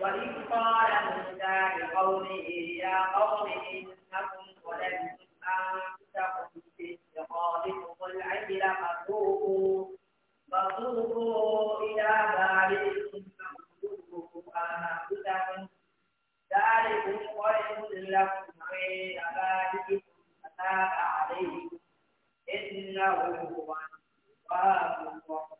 وإذ قال موسى لقومه يا قوم إنكم ظلمتم أنفسكم باستقامتكم العجل فذوقوا فذوقوا إلى بارئكم فاقتلوا أنفسكم ذلكم خير لكم عند بارئكم فتاب عليكم إنه هو التواب الرحيم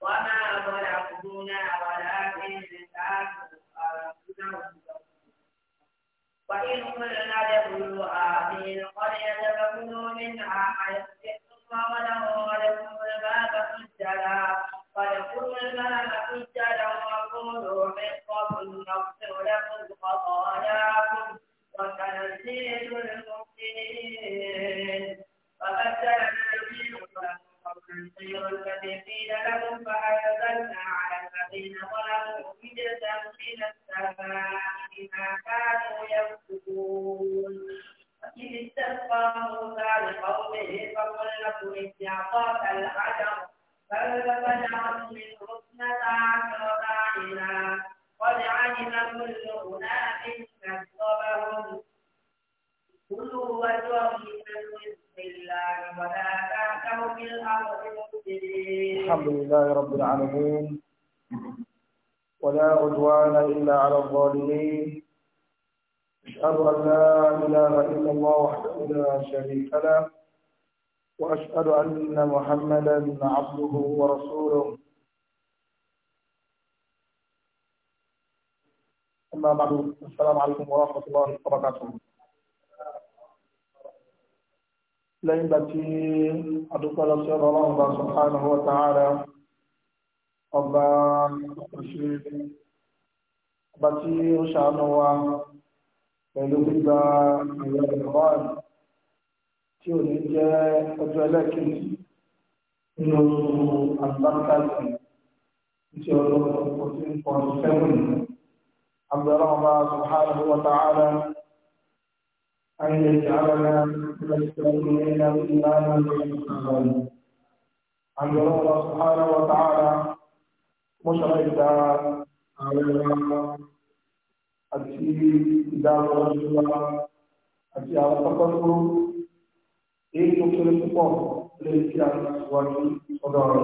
وما ظلمونا ولكن كانوا أنفسهم وإن قلنا ادخلوا هذه القرية فكلوا منها حيث شئتم وله ولكم الباب سجدا لكم خطاياكم وسنزيد المحسنين الطير الذي قيل لهم فأنزلنا على الذين ظلموا رجزا من السماء بما كانوا يفسقون وإذ استسقى موسى لقومه فقل لكم استعطاك الحجر فانفجرت منه اثنتا عشرة عينا قد علم كل أناس مكتبهم كلوا واشربوا الحمد لله رب العالمين ولا عدوان إلا على الظالمين أشهد أن لا إله إلا الله وحده لا شريك له وأشهد أن محمدا عبده ورسوله أما بعد السلام عليكم ورحمة الله وبركاته lẹ́yìn ìgbà tí adúpẹ́ lọ sí ọ̀rọ̀ ọlọ́run bá subhanahu wa ta'ala ọba òṣèré ọba tí ó ṣàánú wa pẹ̀lú gbígba ìwé ìrọ̀rùn tí ò ní jẹ́ ọjọ́ ẹlẹ́kìtì nínú oṣù àgbàkàtì tí ọlọ́run kò tí ń pọ̀ subhanahu wa ta'ala. أن يجعلنا مستقيمين إيمانا بالإسلام أن الله سبحانه وتعالى مشرد علينا أتي إدارة رجلا أتي على تقصر إيه تقصر الفقر ليس على أسواق صدر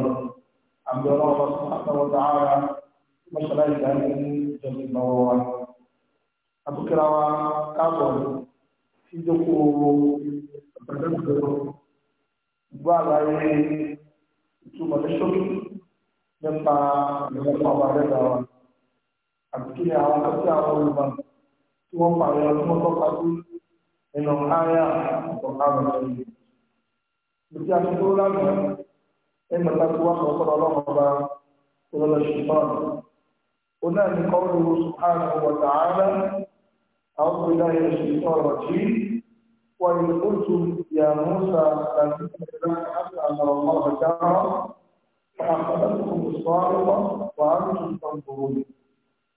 أن الله سبحانه وتعالى مشرد علينا جميع المواد أتكرم كافر ìdókò ọ̀gbẹ̀dẹ̀gbẹ̀rọ̀ gbọ́ àlàyé ìtumọ̀ ní ṣókí nípa ìrọ̀lọ́pọ̀ àwọn àrẹ́gbà wa àti kí ni àwọn akẹ́kọ̀ọ́ àwọn olùmọ̀ tí wọ́n pààrọ̀ ọdún mọ́tò pàdé nínú ààyè ọ̀gbọ̀n àwọn ọ̀gbìn. Ìdí àtúntò lánàá ẹnu láti wá sọ sọ́dọ̀ ọlọ́run ọba olólùṣèlú náà. Onáà ní kọ́ọ̀lù Subhanahu wa ta'ala. أعوذ بالله من الشيطان الرجيم وإن قلتم يا موسى لن تكلم حتى أن الله جارا فأخذتكم الصاعقة وأنتم تنظرون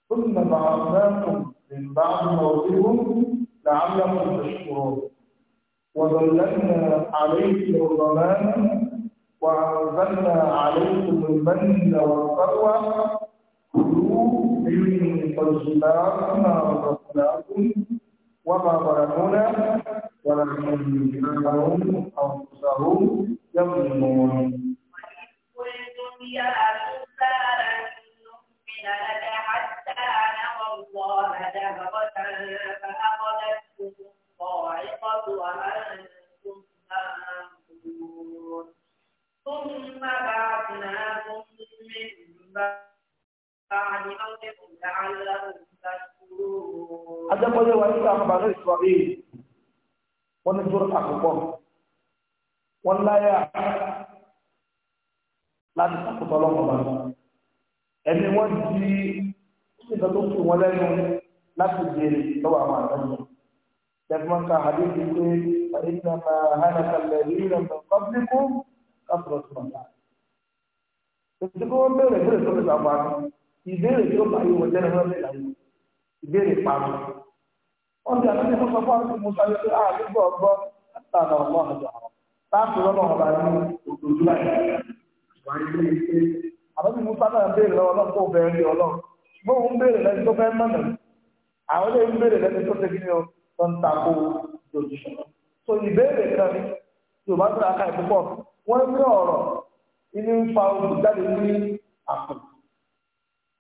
ثم بعثناكم من بعد موتكم لعلكم تشكرون وذللنا عليكم الغمام وأنزلنا عليكم المن والسلوى من طيبات وما ظلمونا ولكن كانوا أنفسهم يظلمون قلتم يا موسى لن نؤمن لك حتى نرى الله جهرة فأخذتكم الصاعقة وأنتم تنظرون ثم بعثناكم من بعد Ajẹ́pọ̀lẹ́ wa nígbà àwọn bàbá ìsọ̀rí wọ́n ní tó àkọ́kọ́. Wọ́n láyà láti sàkótọ́ lọ́kọ̀ọ́ bàbá. Ẹni wọ́n di ìgbà tó fi wọn lẹ́nu láti béèrè lọ́wọ́ àwọn àdájọ́. Jẹ́gbọ́n ká àdéhùn pé àdéhùn máa hánà kalẹ̀ rí rẹ̀ mọ̀ kọ́bílíkù kásọ̀rọ̀ tó máa. wọ́n bẹ̀rẹ̀ bẹ̀rẹ̀ tó lè sàbọ̀ ìbéèrè tí ó bá yóò wọlé lọ́wọ́ bẹ́ẹ̀ láyé ìbéèrè pamọ́. wọ́n ti àtúnyẹ fún sọ́kọ́ àti musa yóò ṣe àdúgbò ọgbọ́ àtàlà ọgbọ́ àjọ àwọn láti lọ́nà ọba ní òdòdó láyé. àbẹ́bí musa náà béèrè lọ́wọ́ náà kó bẹ́ẹ̀ rí ọlọ́ gbóhùn béèrè lẹ́ni tó fẹ́ mọ̀nà àwọn ilé ń so ìbéèrè kan ni yorùbá tó ra ká ìpúpọ̀ wọ́n ń rí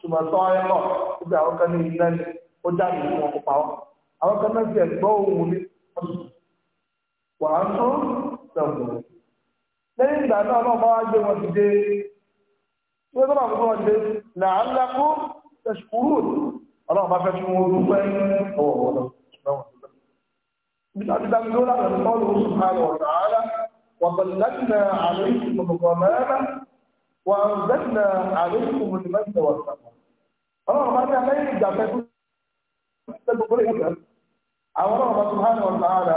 ṣùgbọ́n sọ ẹ lọ ibi àwọn kan ní iná ni ó jáde ní wọn kó pa wọn àwọn kan náà ti ẹgbọ́ òun ní wà á tún sẹ̀wọ̀n. lẹ́yìn ìgbà náà náà bá wá gbé wọn dìde tí wọ́n tó máa fún wọn dé là á lákó tẹ̀sùkúrú ọlọ́run bá fẹ́ fún wọn dúpẹ́ ọwọ́ wọn lọ ibi tí a ti dáni lórí àwọn ọlọ́run sùn ká lọ sàárà wà wà á zẹ́nà àlékún mi máa ń tẹ̀wọ̀ sàmà. ọlọ́run bá ní alẹ́yìn ìgbà pẹ́kú gbogbo ìlú kan àwọn ọlọ́run bá tún hàn wọn sáárà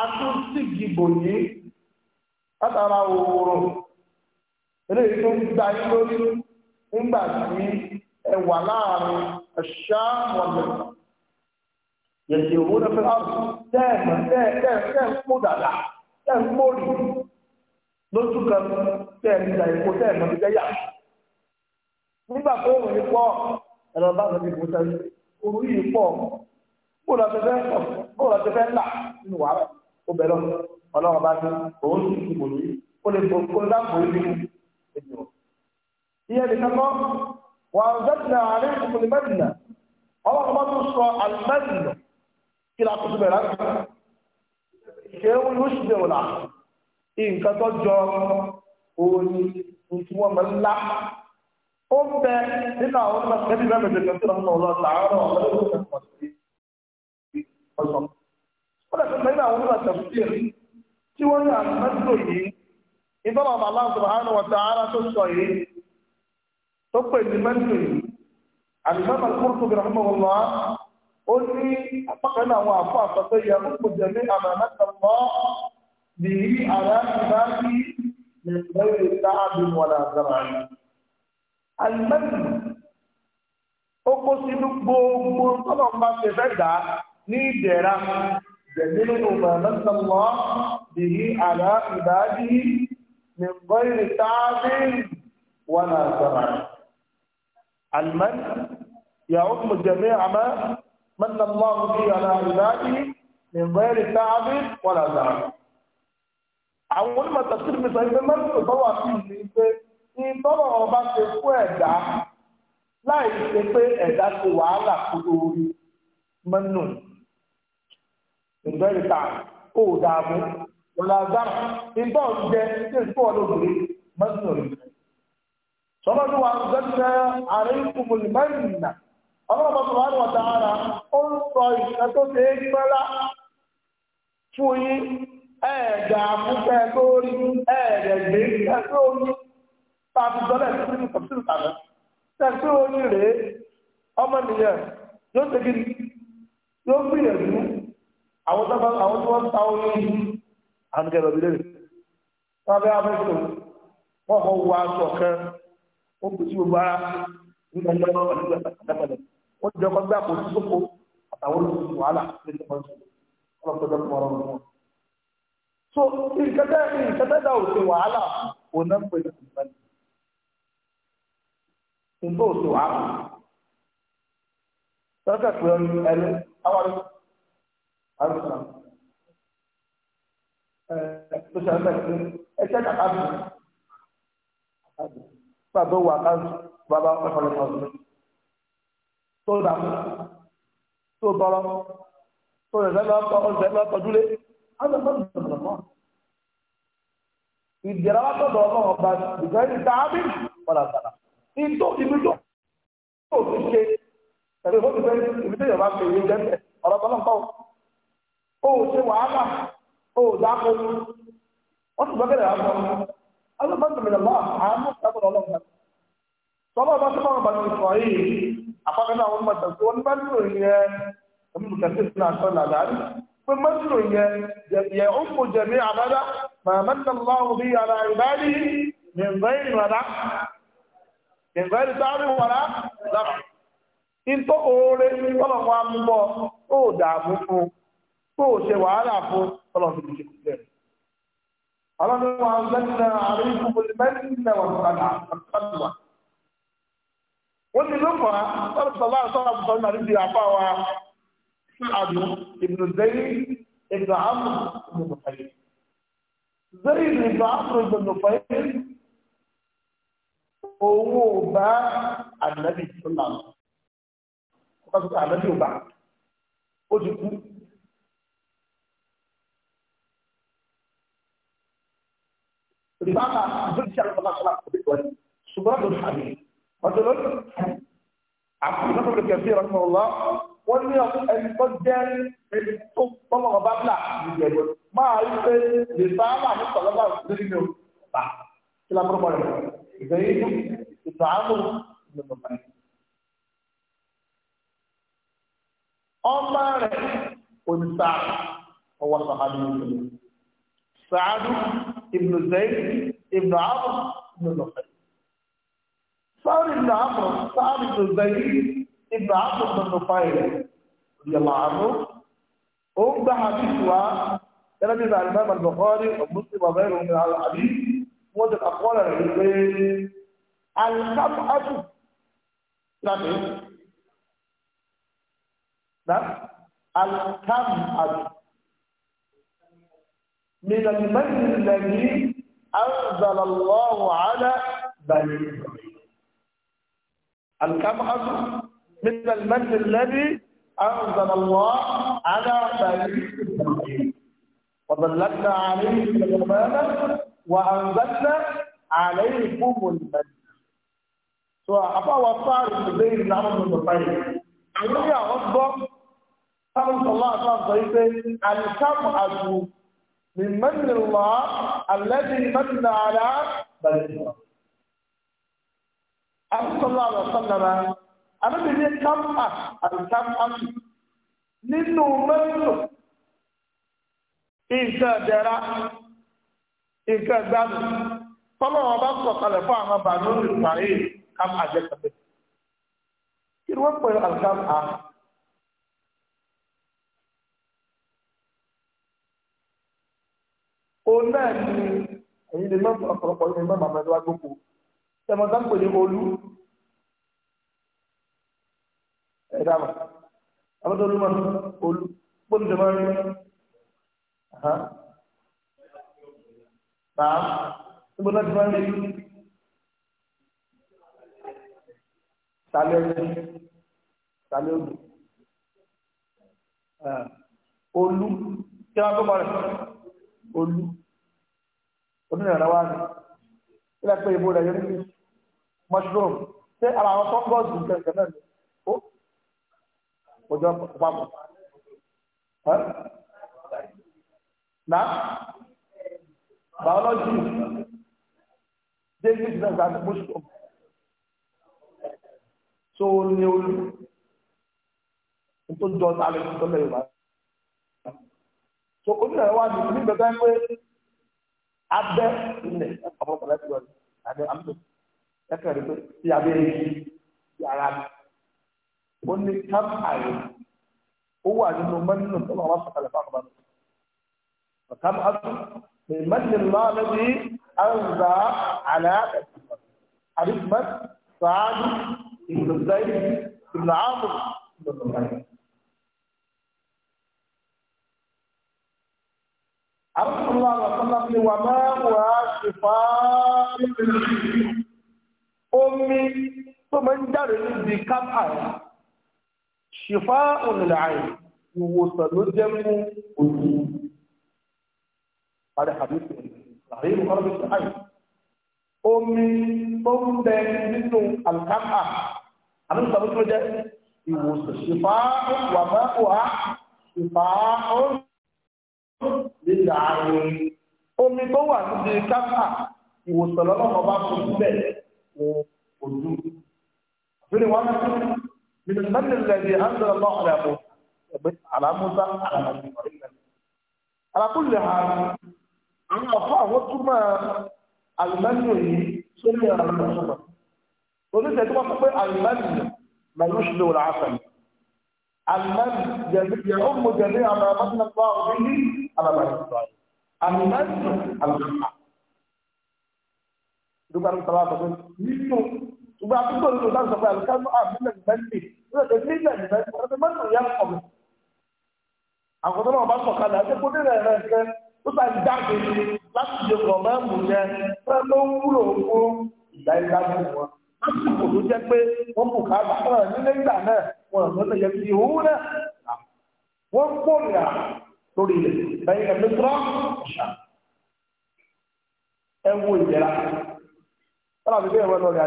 atúntìgì bòyí látara òòrùn eléyìí tó ń gba yín lórí nígbà tí ẹ wà láàrin ẹ̀ṣá wọ̀lẹ̀ yẹ̀sì owó náà fẹ́ àrùn tẹ́ẹ̀mọ̀ dàda tẹ́ẹ̀ lójú kan tẹ́ẹ̀mí ìgbà ìpò tẹ́ẹ̀mọ́ ti tẹ́yà nígbà tó rùn yìí pọ̀ ẹ̀rọ bá lọ sí ìpò tẹ́lẹ̀ òru yìí pọ̀ bó lọ ti fẹ́ pọ̀ bó lọ ti fẹ́ là nínú wàhálà ó bẹ̀rẹ̀ ọlọ́run bá ní òun sì ti bò lórí ó lè bò kó dáàbò orí nínú èdè wọn. ìyẹn nìkan kọ́ wà á zẹ́tìnà àárín ìkùnkùn mẹ́rìnà ọlọ́run bá tún sọ àlùmẹ́rìnà kí la tuntun bẹ̀rẹ̀ ṣé ó lóṣù bẹ̀rẹ̀ òní tuntun wọn máa ń lá ó ń bẹ nínú àwọn ọmọ kẹbí bẹ́ẹ̀ bẹ́ẹ̀ kẹbí ọmọ ọlọ tààrọ ọlọ́dún ọmọ ọsàn ó lè fẹ́ nínú àwọn ọmọ tẹ̀síìr tí wọ́n yà mẹ́tò yìí ìbọn ọmọ aláǹtọ̀ àárọ̀ wọ̀tà ara tó sọ yìí tó pè ní mẹ́tò yìí àlùfáà kúrúkú bẹ̀rẹ̀ ọmọ ọmọ ó ní apákan àwọn àfọ àfọ tó yẹ kó jẹ ní àmàlà mẹ́tò mọ́ bìí àrà ìbá bíi من غير تعب ولا ضرر المن ó kó sínú gbogbo tọ́lọ̀ ń bá ṣe fẹ́ dà ní ìdẹ̀ra jẹ̀mínú ìmọ̀ràn sọ̀mọ́ bìí àlá ìbáàdì من غير تعب ولا ضرر المن يعم جميع ما من الله به على عباده من غير تعب ولا ضرر àwọn onímọ̀ tẹ̀sílì mi sọ pé mẹ́tò tọ́wọ́ àfihàn ní pé ìtọ́rọ̀ ọba ṣe fún ẹ̀dá láì ṣe pé ẹ̀dá ṣe wàhálà kúrò orí mẹ́nu ìgbẹ́rìta kò dààmú ọ̀làdá ìgbọ́ jẹ tí èsì pọ̀ lóbìnrin mẹ́nu rẹ̀ sọ́dọ̀ ní wàá gbẹ́sẹ̀ ààrẹ ìkùnmùlì mẹ́rìnà ọlọ́run bàbá wà lọ́ta ara ó ń sọ ìṣẹ́ tó ṣe é gbẹ́lá fún yín ẹ̀ẹ̀dà àmúfẹ́ lórí ẹ̀ẹ̀dẹ̀gbé ẹ̀sọ́ omi pàtùsọ́lẹ̀ sínú kọ̀pútù tàbí ẹ̀sọ́ omi rèé ọmọ nìyẹn yóò ṣe kí yóò gbìyànjú àwọn tó wọ́n ta omi àǹkẹ́ lọ́bí lẹ́rìí wọ́n bẹ́ abẹ́sọ̀ wọ́n kọ́ wọ aṣọ kan ó kù sí gbogbo ara nígbà tí wọ́n wà nígbà tí jẹ́ kọ́ gbé àpò tó kó àtàwọn olùsọ̀rọ̀ wàhálà lẹ́yìn tó kọ́ so nǹkan tẹ́ nǹkan tẹ́ dá òsè wàhálà òun náà ń pè ní ìgbà nǹkan òsè wàhálà lọ́sẹ̀ pé ẹni àwọn àrùsà tó ṣe ẹgbẹ́ ìpín ẹṣẹ́ kàkà bì nígbà tó wà káàdì bàbá ọ̀pọ̀lọpọ̀ ọ̀sẹ̀ tó dàmú tó tọrọ tó rẹ̀ sẹ́lẹ̀ ọ̀tọ̀ ọ̀sẹ̀ lọ́tọ̀dúlé. هذا فضل من الله ìdíyàrá tọ̀dọ̀ ọlọ́run ọba ìgbẹ́ni tààbí pàlàpàlà ìtò ìlú tó tó ti ṣe tẹ̀lé fún ìgbẹ́ ìlú tó yọba fèrè jẹ́ńtẹ̀ ọ̀rọ̀ tọ́lọ́pọ̀ ó ṣe wàhálà ó dáko wọ́n ti gbọ́kẹ̀lẹ̀ àwọn ọmọ ọlọ́pàá ti bẹ̀rẹ̀ lọ́wọ́ àánú sábọ̀dọ̀ ọlọ́pàá tọ́lọ́ ọba tó máa ń bá ní sọ yìí àpapẹ̀ náà wọ́n máa tẹ̀síwọ́n nípa nínú ìyẹn pé mọ́tò yẹn yẹ ó mú jẹ̀mí àbádá màmá nàlá òbí ara ìbáàdì nìgbẹ́ ìrànlá nìgbẹ́ ìtàrí wàrà lára ìtọ́ oore ọlọ́pàá amúbọ̀ ó dààmú fún ó ṣe wàhálà fún ọlọ́pàá ìdíje kúlẹ̀. ọlọ́pàá wa ń lẹ́nu àárín ìfúnpọ̀lì mẹ́rinlẹ̀ wà lọ́kàdà àtàkùnwà. wọ́n ti ló fà á sọ́dọ̀ sọ́dọ̀ sọ́dọ̀ sọ́dọ̀ قالوا ابن زيد ابن عمرو بن نفيل زيد ابن عمرو بن نفيل هو باع النبي صلى الله عليه وسلم وقد النبي وباع وجد لماذا زيد شعر الله صلى الله عليه وسلم سبحانه وتعالى مثلا عبد الله بن كثير رحمه الله wọ́n ní ẹni tó jẹ́ ẹni tó tọ́lọ̀ ọba bílà níbi ẹ̀gbọ́n máa rí pé lè bá wà ní sọ̀lọ́bà lórí mi ò bá kí la bọ́lọ̀ rẹ̀ ìgbẹ̀yìn inú ìtàn àánú ìlú bàbá rẹ̀. ọmọ rẹ̀ oníta ọwọ́ sàádù ìlú sàádù ìbùnú zẹ́yìn ìbùnú àbọ̀ ìbùnú lọ́fẹ̀ẹ́. sàádù ìbùnú àbọ̀ sàádù ìbùnú zẹ́yìn ibà àtúntò fáìlì ìyàlá àánú ó ń gbá àbíṣù wa gẹ́gẹ́ bí ìlànà ìmọ̀ ìbọ̀kọ́rí ọ̀gbùsí bàbá ìrùn ní àbí wọ́n ti àkọọ́lẹ̀ rẹ̀ pé alikamu atu láti na alikamu atu من المن الذي أنزل الله على بني إسرائيل الكم أزل من المن الذي أنزل الله على بني إسرائيل وظللنا عليهم الغمامة وأنزلنا عليكم المن سواء أبا وصار الزبير بن عمرو بن الخطيب أولي أغضب قال صلى الله عليه وسلم الكمعة من من الله الذي من على بني إسرائيل صلى الله عليه وسلم àbẹ̀bẹ̀ ní kámà àti kámàtù nínú mẹ́lò nǹkan ìdẹ̀ra nǹkan ìgbàlù tọ́lọ́wọ́ bá sọ̀kalẹ̀ fún àwọn bàánú ìparí kámà jẹ́ kàbẹ̀. kí ni wọ́n pè àlùkámà? òun náà ni èyí ni mẹ́fọ̀ ọ̀pọ̀lọpọ̀ ní mẹ́fọ̀ àmọ́ ẹ̀dọ́gbọ̀kọ̀ tẹ̀mọ̀tà ń pè ní olú. ẹ̀dá mọ̀ abọ́tọ̀ olúmọ̀ olú gbọ́dọ̀ tó máa ń rí bàá níbo sali, ti máa ń rí sálẹ̀ ẹ̀jẹ̀ sálẹ̀ odò olú kí wọ́n tó parẹ́ olú onírànlọ́wọ́ àná ilé ẹ̀pẹ́ ìbò mushroom ṣé ara àwọn tó ń bọ̀ sí nǹkan kan ọjọ́ papọ̀ na biology daily business and muslim so ní olú tó jọ ta lè tó lè wá so onílẹ̀ wa ní ní gbẹ̀gbẹ́ pé abẹ́ ilẹ̀ ọ̀pọ̀lọpọ̀ lẹ́tọ̀ọ́ àti àmì ẹ̀kẹ́rì pé tí abẹ́ yìí yàrá mi ó ní tam àyè ó wà nínú mẹ́rin tó lọ́wọ́ sọ̀kalẹ̀ fáwọn ọmọdé tam àtú ní mẹ́rin náà lẹ́bi àrùbá àlẹ́ àdìsímẹ́t sàádù ìbùdó zayi ìbùdó àmù ìbùdó zayi. عرض الله وسلم وما هو شفاء أمي ثم انجر ذي كفأ ṣìfá ònìlàáyì ìwòsàn ló jẹ́ fún òjì padà àdúgbò àríyìn kọ́lọ́bì ṣáàyì omi tó ń bẹ nínú àlùkápà àdúgbò tó jẹ́ ìwòsàn ṣìfá wàmẹ́wàá ṣìfá lílà àrùn omi tó wà níbi kápà ìwòsàn lọ́lọ́mọba fún bẹ́ẹ̀ fún ojú. Àbílẹ̀ wọn من المن الذي أنزل الله على موسى على موسى على من على كل حال أنا أفعل ما المن سمي على موسى أصبر وليس يتبع تقول المن ما يشبه العسل المن يعم جميع ما من الله به على بني إسرائيل المن الجمع دوكان ثلاثة ṣùgbọ́n àtúntò ìlú náà sọ pé àlùkánú àbílẹ̀ mẹ́tì lọ́dọ̀ nílẹ̀ mẹ́tì ọdún mẹ́tì yẹn kọ̀ mí. àkọ́tọ́ náà bá sọ̀ kalẹ̀ àti kúndé rẹ̀ rẹ̀ kẹ́ ó sà ń jáde láti ṣe kọ̀ mẹ́mù yẹn fẹ́ ló ń wúlò fún ìgbà ìgbà fún wọn. lásìkò tó jẹ́ pé wọ́n kò ká bá wọn nílé ìgbà náà wọn àwọn ọ̀sẹ̀ yẹn wọ́n kó ìyà lórí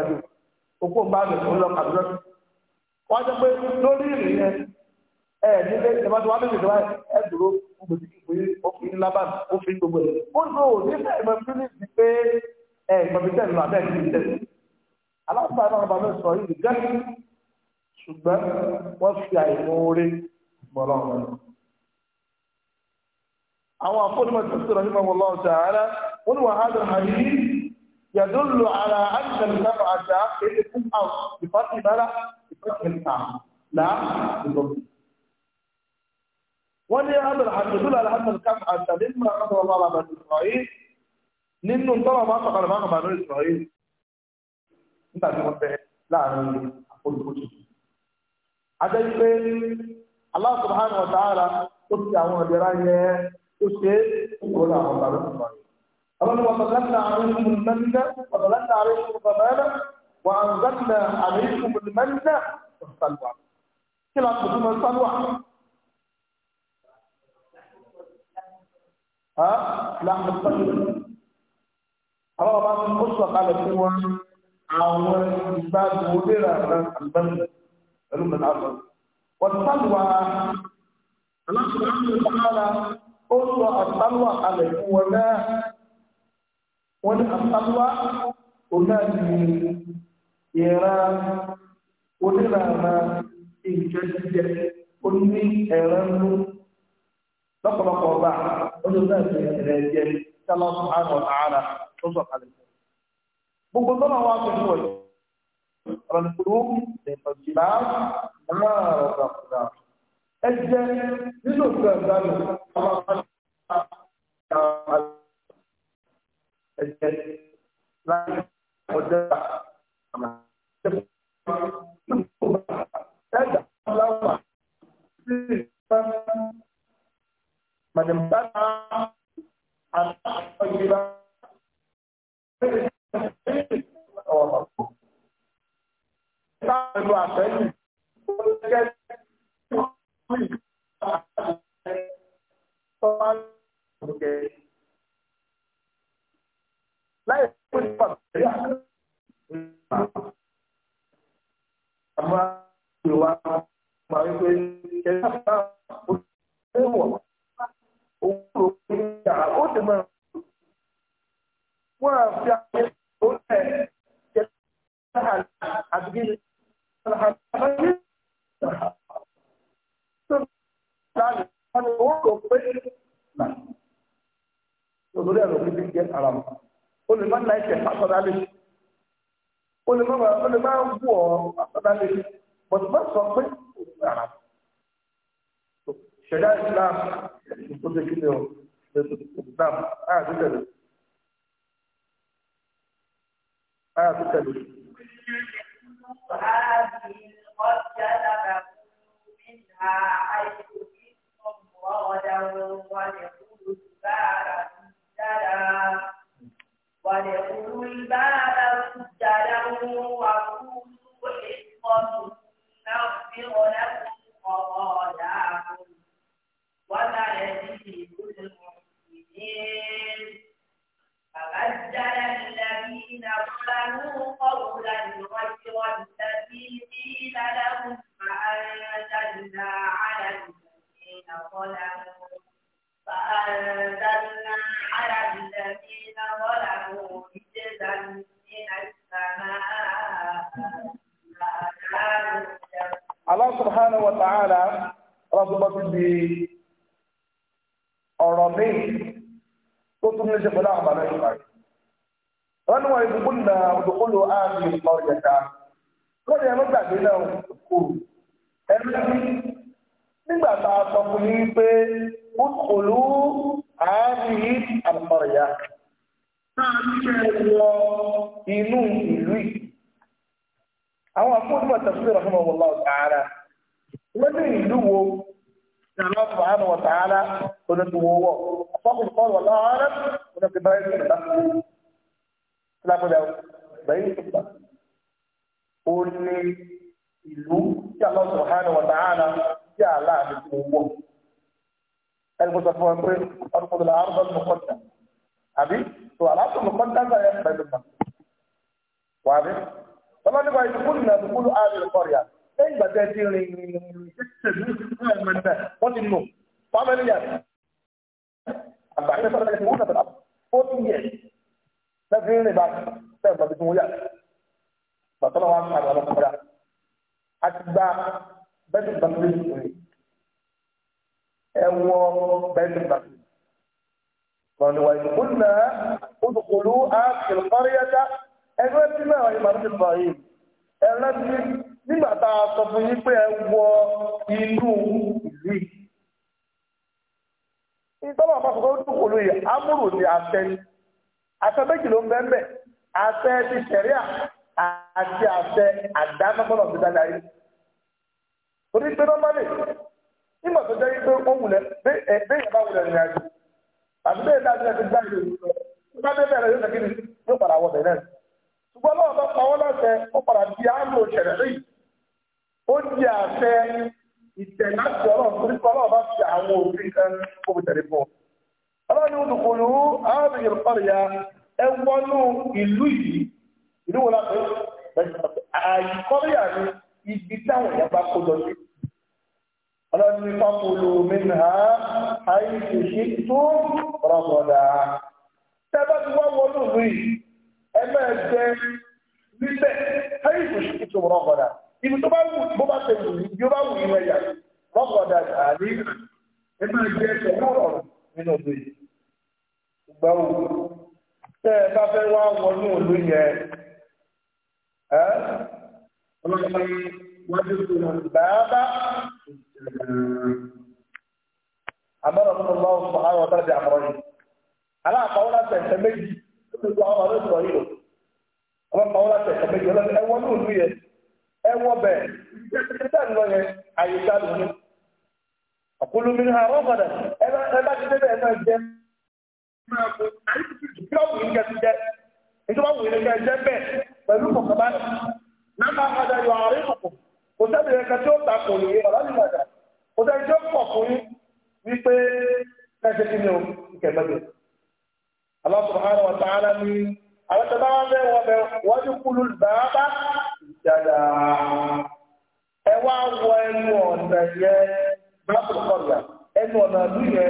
ilẹ̀ òkú ń bá mi fún lọ kàdúrà wọn jẹ pé lórí ìrìn yẹn ẹ nílé ìjọba tí wọn bí ìjọba ẹ dúró gbòdì kí pé ọkùnrin lábàá ó fi gbogbo ẹ ó lò ó ní bẹ́ẹ̀ mọ fílíìsì pé ẹ ìgbọ̀nbí tẹ̀ lọ abẹ́ ìdí tẹ̀ aláàbò àwọn ọba mi sọ yìí gẹ́ ṣùgbọ́n wọ́n fi àìmọ́ọ́ré bọ̀lọ́ wọn. àwọn àfọ́nìmọ̀ tẹ̀síwọ̀n ní mọ̀ lọ́ọ̀ يدل على أن النفعة إلكم أو بفتح بلا بفتح الكعب لا بضم ولي هذا الحديث يدل على أن الكعب مما قدر الله على بني إسرائيل nínú tọ́lọ̀ bá sọ̀kalẹ̀ máa ń bá lórí ìsọ̀rọ̀ yìí nígbà tí wọ́n bẹ láàrin olùkóso. Adé pé Allah subhanahu wa ta'ala tó fi àwọn ọ̀dẹ́ra yẹn tó ṣe é kúrò láwọn ọ̀dà lórí ìsọ̀rọ̀ yìí. قال وضللنا عليكم المنة وضللنا عليكم الضمانة وأنزلنا عليكم المنة والسلوى كلا بدون السلوى ها لا مستحيل هو بعض المصطلح على هو عوان بعد وديرة المنة علوم الأرض والسلوى الله سبحانه وتعالى أوصى السلوى على هو wọ́n ní àtàlùwà onáàbí ìran onírànà ìjẹjẹ oní ẹ̀ránú lọ́pọ̀lọpọ̀ ọba onígbàgbé ẹ̀rẹ̀jẹ sálọ́ àrùn àárà tó sọ kalẹ̀. gbogbo tọ́lá wa fi fún ọ̀yọ́ ọ̀rọ̀lùkúrú ìfọ̀jìlá náà rọ̀gbàkúrà. ẹ jẹ́ nínú ìgbàgbọ́ àwọn àgbà ẹ̀jẹ̀ láti ọjọ́ àmà ẹ̀dá fúláwà sí ظلموا فأنزلنا على الذين Allah subhanahu wa ta'ala rọ́sùbọ́ ti di ọ̀rọ̀ míì tó tún ní ṣe pẹ̀lú àwọn àbálẹ̀ ìpàdé. Wọ́n ní wọ́n ìdúgbò nà òdòkúlò áàmì ọ̀rẹ́ta. Lọ́dẹ̀ ẹ̀rọ gbàgbé náà kúrò. Ẹ̀rọ nígbà tá a sọ fún yín pé udkhulu hadhihi al-qaryah náà ṣe wọ inú ìlú yìí. àwọn afọ́nùmọ̀ tafsir rahimahullah ta'ala wọ́n ní ìlú wo Allah subhanahu wa ta'ala ọ̀nà tó wọ́ kọ́ wọ́n lọ́wọ́ rẹ̀ ọ̀nà tó bẹ̀rẹ̀ ìṣẹ̀lẹ̀ bá lápẹ̀lẹ̀ bẹ̀rẹ̀ ìṣẹ̀lẹ̀ ó ní ìlú tí Allah subhanahu wa ta'ala sí àláàbí tí mo wọ̀. ẹni mo sọ fún ẹ pé ọdún kọlá àrùn bọ́ọ̀lù mọ̀kọ́tà àbí tó àlàáfíà mọ̀kọ́tà ń bẹ̀rẹ̀ pẹ̀lú kan. wà á bí tọ́lá nípa ìdúkúlù náà ìdúkúlù ààrẹ ìkọrìà lẹ́yìn ìgbà tẹ́ ti rìn rìn rìn ṣe ṣe ṣe ṣe ṣe bẹ́ẹ̀ni bàtìrì sùnrin ẹ wọ bẹ́ẹ̀ni bàtìrì lọ́nà wà ìdìbò náà ó dùkúlù á kìlọ̀ kọ́ríyájá ẹgbẹ́ tí náà wà ìmọ̀ àti ìmọ̀ yìí ẹ lọ́sí nígbà tá a sọ fún yín pé ẹ wọ inú ìlú yìí. ìtọ́wọ̀ àpapọ̀ ó dùkúlù yìí amúrù ni àṣẹ àṣẹ méjì ló ń bẹ́ẹ̀ bẹ́ẹ̀ àṣẹ ti ṣẹ̀ríà àti àṣẹ àdánámọ́nà ti dáadáa yìí torí pé nọ́málì nígbà tó jẹ́ pé ó wulẹ̀ béèyàn bá wulẹ̀ rìn àjò àti bẹ́ẹ̀ náà ti gbá ìlú lọ nígbà tó bẹ̀rẹ̀ yóò tẹ̀kí ni yóò padà wọ̀ bẹ̀rẹ̀ ṣùgbọ́n náà lọ pa wọ́n láṣẹ ó padà di àmì òṣèlè rí ó di àṣẹ ìtẹ̀ láti ọ̀rọ̀ torí pé ọlọ́run bá fi àwọn òfin kan kó fi tẹ̀lé fún ọ. ọlọ́run ní olùkòlù ààbò ìrùpàrìyà ẹ wọnú ìlú yìí ìlú wọn láti àyíkọ́rìyà ni ibi táwọn ìyàgbá kó lọ sí ọlọ́ni fọ́kùlù mìíràn àìsí sí tó rọ̀gọ̀dà. tẹ́bá ti wọ́n wọnú mi ẹ máa jẹ níbẹ̀ àìsí sí tó rọ̀gọ̀dà. ibi tó bá wù bó bá ṣe wù yí ó bá wù yí wẹ̀yà rọ̀gọ̀dà àní ẹ máa jẹ pẹ̀lú ọ̀rọ̀ nínú mi. ìgbà wo tẹ́ ẹ bá fẹ́ wá wọnú ìlú yẹn ẹ́ ọlọ́ni wájú tó ń àmọ́ràn fún ọlọ́run sọ àwọn ọ̀tá di àmọ́ràn yìí aláàpáwọ́ láti ẹ̀sẹ̀ méjì ó ti àwọn ọ̀rẹ́ sọ̀rọ̀ yìí o aláàpáwọ́ láti ẹ̀sẹ̀ méjì ọlọ́run ẹ̀wọ́n ní òdu yẹn ẹ̀wọ́n bẹ̀ ìdíjẹ́ lọ àyè ká ha ẹ bá ti débẹ̀ jẹ́ kò sẹ́bìrì ẹ̀ka tí ó ta kò lè ọ̀rọ̀ ní ìgbàdà kò sẹ́ni tí ó pọ̀ fún yín wípé ẹ̀ṣẹ̀ kí ni o ní wọn kúlù bàbá ìjàdà ẹ wá wọ ẹnu ọ̀nà yẹ bàbá ẹnu ọ̀nà yẹ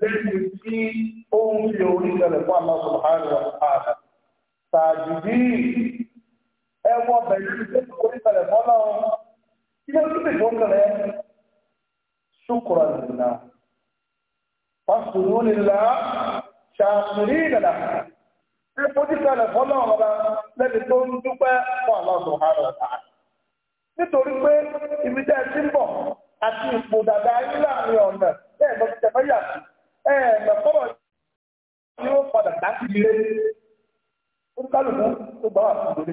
lẹ́yìn tí ó ń fi orí fún forí kalẹ̀ mọ́ náà kí ló tún lè fọ́ kalẹ̀ ṣùkúrà nìlá pàṣẹ nìlá ṣàṣírí nìlá ẹ forí kalẹ̀ mọ́ náà tó ń dúpẹ́ fún aláṣọ àrùn ọ̀tá nítorí pé ibi ẹ ti ń àti ipò láàrin ọ̀nà lọ sí yà sí ni ó padà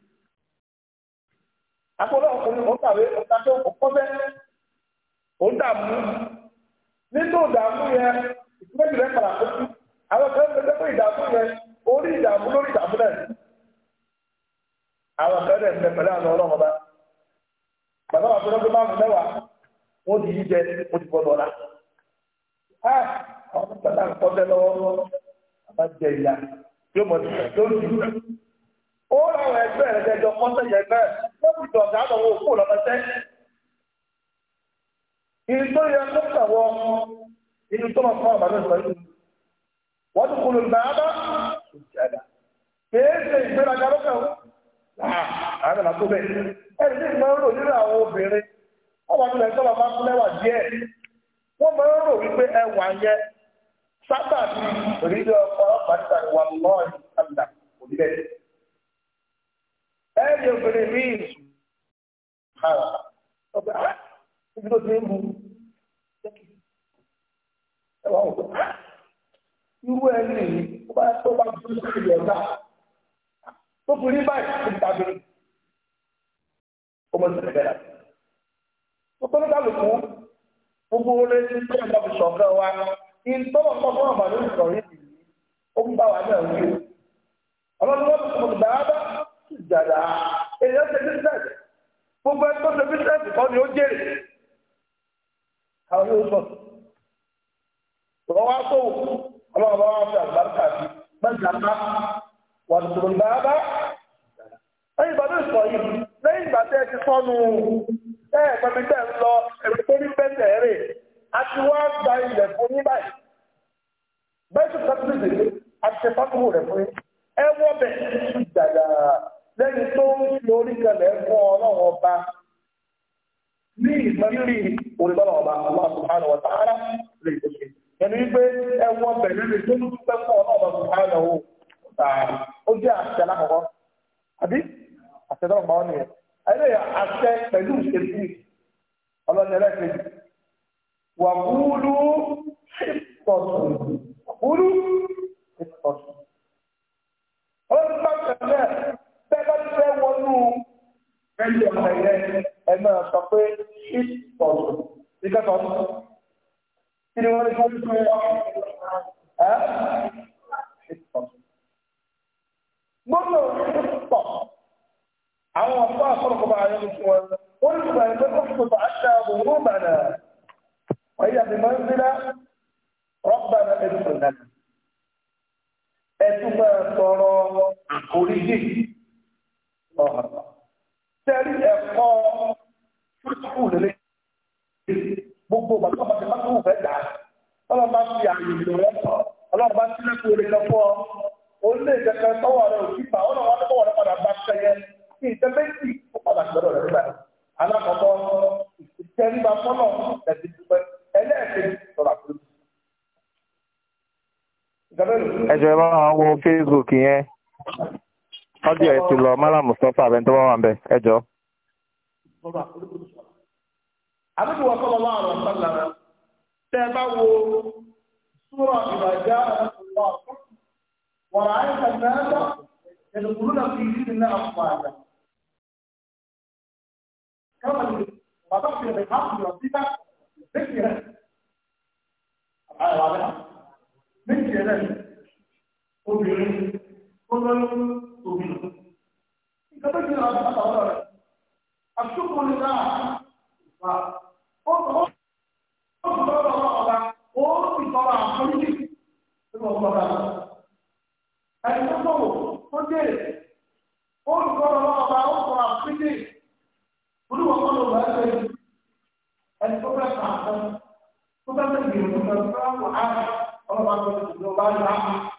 akọ́lọ́ ọkùnrin ó kàwé ọ̀tàṣọ́ ọ̀kọ́fẹ́ ó dààmú nínú ìdààmú yẹn ìpínlẹ̀ rẹ̀ padà tó kú àwọn kan ń bẹ ìdààmú yẹn orí ìdààmú lórí ìdààmú náà àwọn kan rẹ̀ ń bẹ pẹ̀lú àwọn ọlọ́mọ bá bàbá wa fúnra tó bá fún mẹ́wàá wọ́n ti yí jẹ wọ́n ti gbọ́dọ̀ la àwọn bàbá ń kọ́fẹ́ lọ́wọ́ bàbá jẹ ìyá yóò mọ̀ tó ń dùn ó rà wọ ẹgbẹ́ rẹ̀ jẹjọ kọ́sẹ̀ yẹn bẹ́ẹ̀. lọ́kùn ìdọ̀gá lọ́wọ́ òkú lọ́mọṣẹ́. Ìlú tó yẹ lọ́kùn wọ inú tó máa fún àbájọ ìgbà yìí. Wọ́n tún kúrò ìgbà yàrá Kèé ṣe ìgbéraga lọ́kàn o. Àárẹ̀ Ẹ̀rí ní rò àwọn obìnrin. Wọ́n sọ́lá fún díẹ̀. Wọ́n máa ń rò wípé ẹwà yẹn sábà ọkọ̀ ọ̀pá ẹ̀rí obìnrin míì ọ̀bẹ á ibi tó ti ń bu ẹ wà wọ́n á irú ẹ ní tó bá tó bá tó tó yọ ọ̀dà tó fi rí báyìí tó ti tàbí ọmọ ìṣẹ̀lẹ̀ bẹ́ẹ̀ láti. Ọ̀pọ̀lọpọ̀ kálukú gbogbo orí tí wọ́n bá fi sọ̀kan wa ní tọ́lọ̀ tọ́lọ̀ àbàlẹ́ ìsọ̀rí ó ń bá wa náà wí. Ọlọ́run wọn kò gbà á bá. E èèyàn ṣe bísẹ̀sì gbogbo ẹni tó ṣe bísẹ̀sì kan ni ó jèrè àwọn yóò tó sí lẹ́yìn ìgbà tó sọ yìí lẹ́yìn ìgbà ẹ ti pẹ̀lú ń lọ ẹ̀rù tó ní rè gba ilẹ̀ fún yín báyìí bẹ́ẹ̀ tó lẹ́yìn tó ń fi orí kalẹ̀ fún ọlọ́run ọba ní ìmọ̀rírì orí bọ́lá ọba aláàbò hàn obìnrin tó lóyún obìnrin. Ìjọba ìjọba ìjọba ìjọba ìjọba ọ̀rọ̀ rẹ̀. Àṣùkùn ni náà wà. Ó sọ ó sọ lọ́wọ́ ọ̀la ó sì sọ̀rọ̀ àforíjì tó lọ sọ ọ̀la. Ẹni tó sọ̀rọ̀ tó dé ó sọ̀rọ̀ lọ́wọ́ ọ̀la ó sọ̀rọ̀ àforíjì. Olúwa kọ́ ló bá ṣe ẹni tó fẹ́ kà á sọ. Tó bá fẹ́ gbìyànjú kan fẹ́ wọ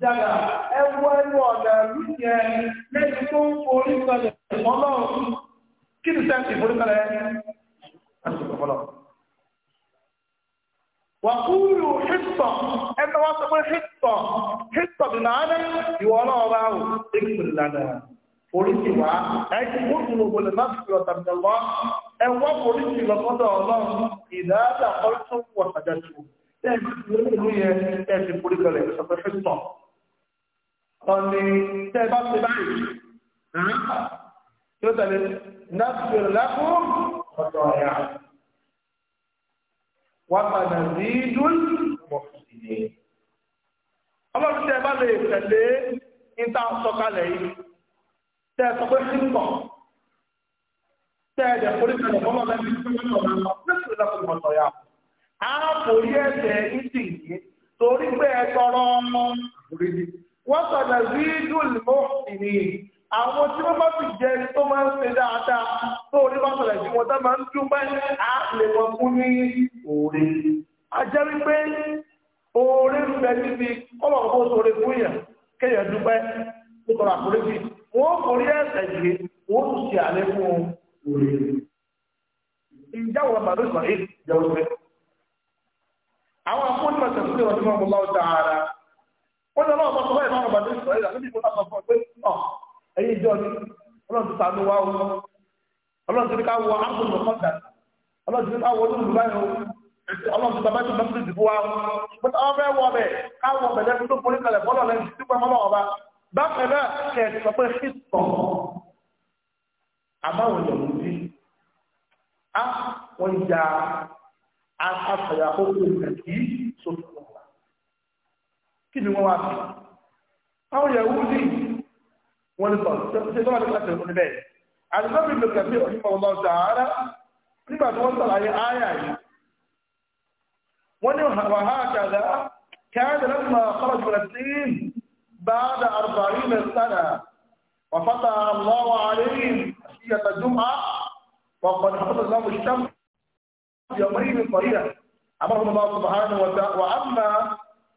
dára ẹwọ́ ẹnu ọ̀nà lúyẹ lẹ́yìn tó ń forí kalẹ̀ ọlọ́run kí ni sẹ́ǹtì forí kalẹ̀ wàkúrò hìtọ̀ ẹgbẹ́ wá sọ pé hìtọ̀ hìtọ̀ bí náà ní ìwọ náà bá wù ẹgbẹ́ ìlànà oríṣi wá ẹ̀yìn mọ́tún ló wọlé láti fi ọ̀tà mi lọ ẹ̀wọ́ oríṣi lọ́kọ́dọ̀ ọlọ́run ìdáàdà ọ̀tún wọ̀tàjà tó ẹ̀sìn orí ìlú yẹn ẹ̀sìn forí sọ pé hìtọ̀ ọ̀nì tẹ́ bá ti báyìí tí ó tẹ̀lé nàfẹ́ lẹ́kùn ọ̀tọ̀ ọ̀yà wọ́n padà sí dúró mọ̀kùnrin. ọlọ́run tẹ́ bá lè tẹ̀lé níta sọ̀kalẹ̀ yìí tẹ́ sọ pé kí n bọ̀ tẹ́ ẹ̀jẹ̀ forí kalẹ̀ fọlọ́ lẹ́nu torí pé ẹ tọrọ ọmọ àbúrídìí wọ́sọ̀dà rídù lọ́sìnì àwọn tí wọ́n bá fi jẹ tó máa ń ṣe dáadáa tó orí bá sọ̀rọ̀ ìdí wọn tó máa ń dúpẹ́ á lè wọn fún ní òòrè a jẹ́ wípé òòrè ń bẹ níbi ọmọ kó sóore fún yàn kéèyàn dúpẹ́ nítorí àforíjì wọ́n forí ẹ̀sẹ̀ yìí wọ́n tún ṣe àlékún òòrè ìjà wọn bàbá ìsọ̀rọ̀ yìí jẹ́ wípé àwọn àpò onímọ̀ wọ́n lọ́wọ́ ọmọ sọ́wọ́ ìfọwọ́ bàbá ìsọ ìlà níbi ìfọwọ́ sọ fún ọ pé ọ ẹ̀yin ìjọ ni ọlọ́run ti sànú wa o ọlọ́run ti ní ká wọ ápùn lọ kọ́ńtà ọlọ́run ti ní ká wọ ọdún ìlú báyìí o ọlọ́run ti bàbá ìsọ mẹ́fìlì dìbò wa o bọ́tà wọ́n fẹ́ wọ bẹ̀ ká wọ bẹ̀ lẹ́nu tó forí kalẹ̀ fọ́lọ́ lẹ́nu tí pẹ́ mọ́lọ́ ọba bákan náà kẹ̀ ẹ̀ sọ pé hìtọ̀ àbáwọn ìyọ̀mù bí a wọ́n ya afẹ́yàkó kò kẹ̀kí sọ̀tọ̀ كني مواقف أو يهودي ونصر سيطان الأسر ونبال على ما بين الكثير رحمه الله تعالى لما توصل على آية وهكذا كان لما خرج من الدين بعد أربعين سنة وفتح الله عليه عشية الجمعة وقد حفظ الله الشمس يومين طريقا أمرهم الله سبحانه وتعالى وأما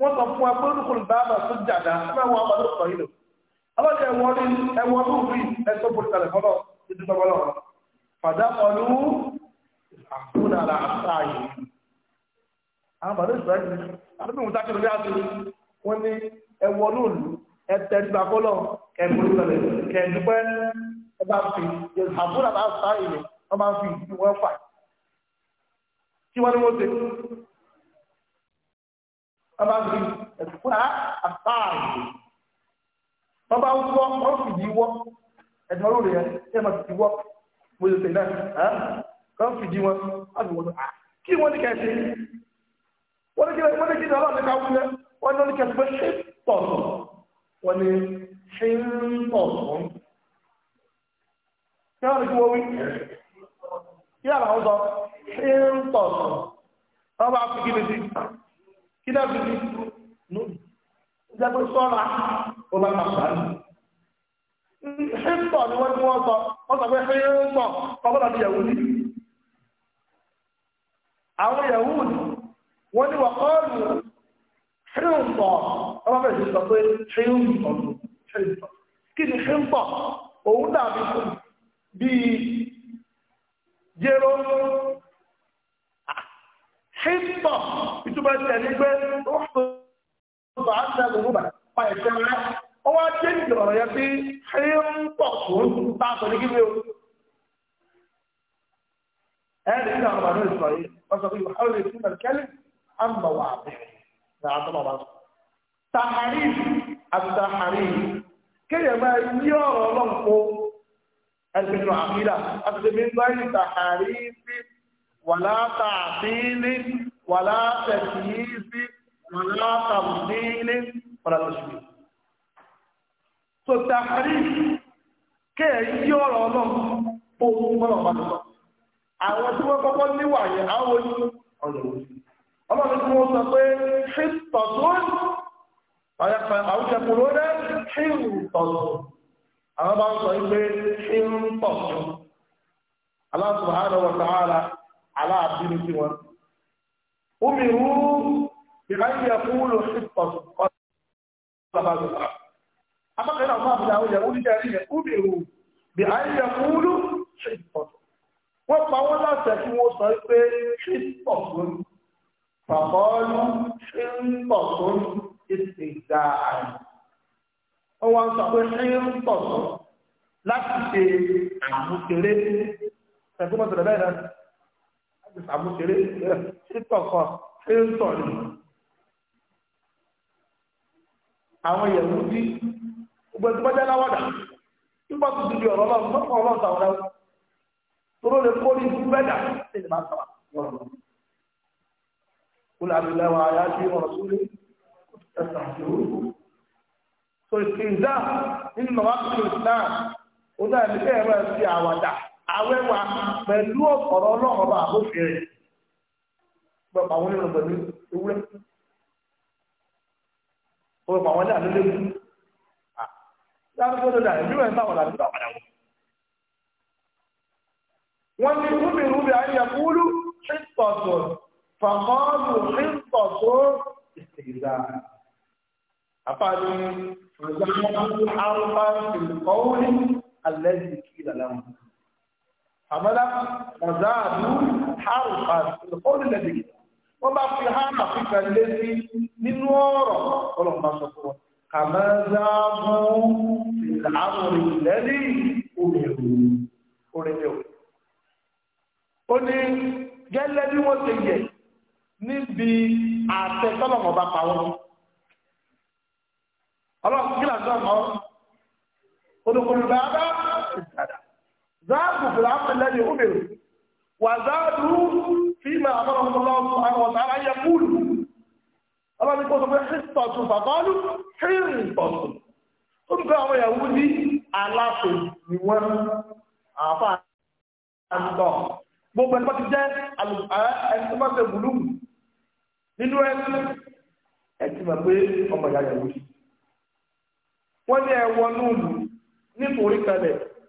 wọ́n sọ fún ẹgbẹ́ olùkùnrin bàbá tó jàdá mẹ́wọ́n ọmọdé sọ yìí lò ọlọ́jà ẹ̀wọ̀n ní ẹ̀wọ̀n tó rí ẹ̀sọ́ pòlìtàlẹ̀ fọlọ́ ìdúgbò bọ́lọ̀ fàdá ọlú àkúnà àlà àṣà yìí àwọn ọmọdé sọ yìí àdúgbò wọn sákìlì bí àti wọn ní ẹ̀wọ̀n lòlù ẹ̀tẹ̀ ìgbà fọlọ́ ẹ̀pòlìtàlẹ̀ kẹ̀ẹ́dúpẹ́ ẹ bá fi àkúnà àlà àṣà ọba fi ẹ̀fúra àbáàlì ọba wọ́ wọ́n fi yí wọ́ ẹ̀dùn ọlọ́run rẹ̀ ẹ̀ máa fi wọ́ mo lè náà kàn fi yí wọn á fi wọ́n lọ kí wọ́n ní kẹ́sì wọ́n ní kí wọ́n ní kí ọlọ́run ní ká wúlẹ̀ wọ́n ní kẹ́sì pé ṣé pọ̀ wọ́n ní ṣé ń pọ̀ kí wọ́n ní kí wọ́n wí kí àwọn sọ ṣé ń pọ̀ fún fi kí ni sí kí náà fi fi nù ìjẹ́pẹ́ sọ́ra ó bá máa sàánù. Hípọ̀ ni wọ́n ti wọ́n sọ, wọ́n sọ pé hípọ̀ kọ́kọ́rọ́ ti yẹ̀wò ní. Àwọn yẹ̀wò ní wọ́n ní wọ́n kọ́ọ̀lù hípọ̀ wọ́n bá bẹ̀rẹ̀ sí sọ pé hípọ̀ hípọ̀. Kí ni hípọ̀? Òun dàbí bíi jéró hìtọ̀ ìtumọ̀ ìṣẹ̀ ní pé ó bá ń dá gbogbo bá pa ẹ̀sẹ̀ rẹ̀ ó wá dé ìjọ yẹn sí hìtọ̀ tó ń ta àtọ̀ ní kíkẹ́ o. ẹ̀rì ní àwọn ọmọdé ìsọ̀rọ̀ yìí wọ́n sọ pé ìwà ọ̀rẹ́ ìtumọ̀ kẹ́lí á wà bẹ̀rẹ̀ bá sọ. tàhárí àti tàhárí kéèyàn máa yí ọ̀rọ̀ wàlá tààtílé wàlá tẹ̀síyísí wàlá so àwọn tí wọ́n kọ́kọ́ níwà yẹn àwọn tí wọ́n sọ pé ṣípọ̀tún àwùjẹkùn lóde ṣípọ̀tún àwọn bá ń sọ pé ṣípọ̀tún Allah aláàbínú sí wọn omi rú ìráyẹ fún lò sí pọ̀tù ọ̀sọ̀bàgbà apákẹ́lá ọmọ àbúdá oyè oníjẹ́ rí yẹn omi rú ìráyẹ fún lò sí pọ̀tù wọ́n pa wọ́n láṣẹ kí sọ pé sí pọ̀tù pàpọ́ọ́lù sọ láti ṣe àmúkéré ẹ̀gbọ́n sọ̀rọ̀ bẹ́ẹ̀ náà ìsàmúṣeré títọ̀kọ ṣé ń tọ̀ ni. àwọn yẹ̀wù bí gbogbo ẹni tó bá jẹ́ láwọ̀dà nígbà tó dùbí ọ̀rọ̀ ọlọ́run tó kọ̀ ọlọ́run tàwọn ẹ̀wọ̀n tó ló lè kó ní ibú bẹ́ẹ̀dà ṣe àwẹ́wà pẹ̀lú ọ̀rọ̀ ọlọ́run ọba àbófin rẹ̀ gbọ́pọ̀ àwọn onírun pẹ̀lú ewúrẹ́ gbọ́pọ̀ àwọn ẹlẹ́yà ló léwu láàrín gbọ́dọ̀ dà ìlú ẹ̀ ń bá wọn làbí bá padà wọn. wọ́n ní rúbì rúbì ayé kúlú ṣíntọ̀tọ̀ fàkọ́ọ̀lù ṣíntọ̀tọ̀ ìṣèlá. àfààní ìgbà wọn á bá ìkọ́wé alẹ́ ìkìlá láwọn àmọ́lá mọ̀záàdú hárùfà olùlẹ̀dẹ̀ wọ́n bá fi hárùfà fífà lé sí nínú ọ̀rọ̀ ọlọ́mọba sọ fún wọn kàmẹ́záàbù ìlàmùrì lẹ́lí òmìnirò orílẹ̀ òun ó ní gẹ́lẹ́ bí wọ́n ti yẹ níbi àtẹ tọ́lọ̀mọba pa wọn ọlọ́run kí làdúrà mọ́ olùkọ́ni bá bá ìdàdà ذاك الأمر الذي أمر وزادوا فيما أمرهم الله سبحانه وتعالى أن يقولوا الله يقول سبحانه حصة فقالوا حصة ثم قالوا يهودي على نيوان أفا أنتم gbogbo ẹni bá ti jẹ ẹni tó bá fẹ́ bùlù nínú ẹni ẹ ti mọ̀ pé ọmọ ìyá yẹn wò sí wọn ní ẹwọ núùlù nítorí kalẹ̀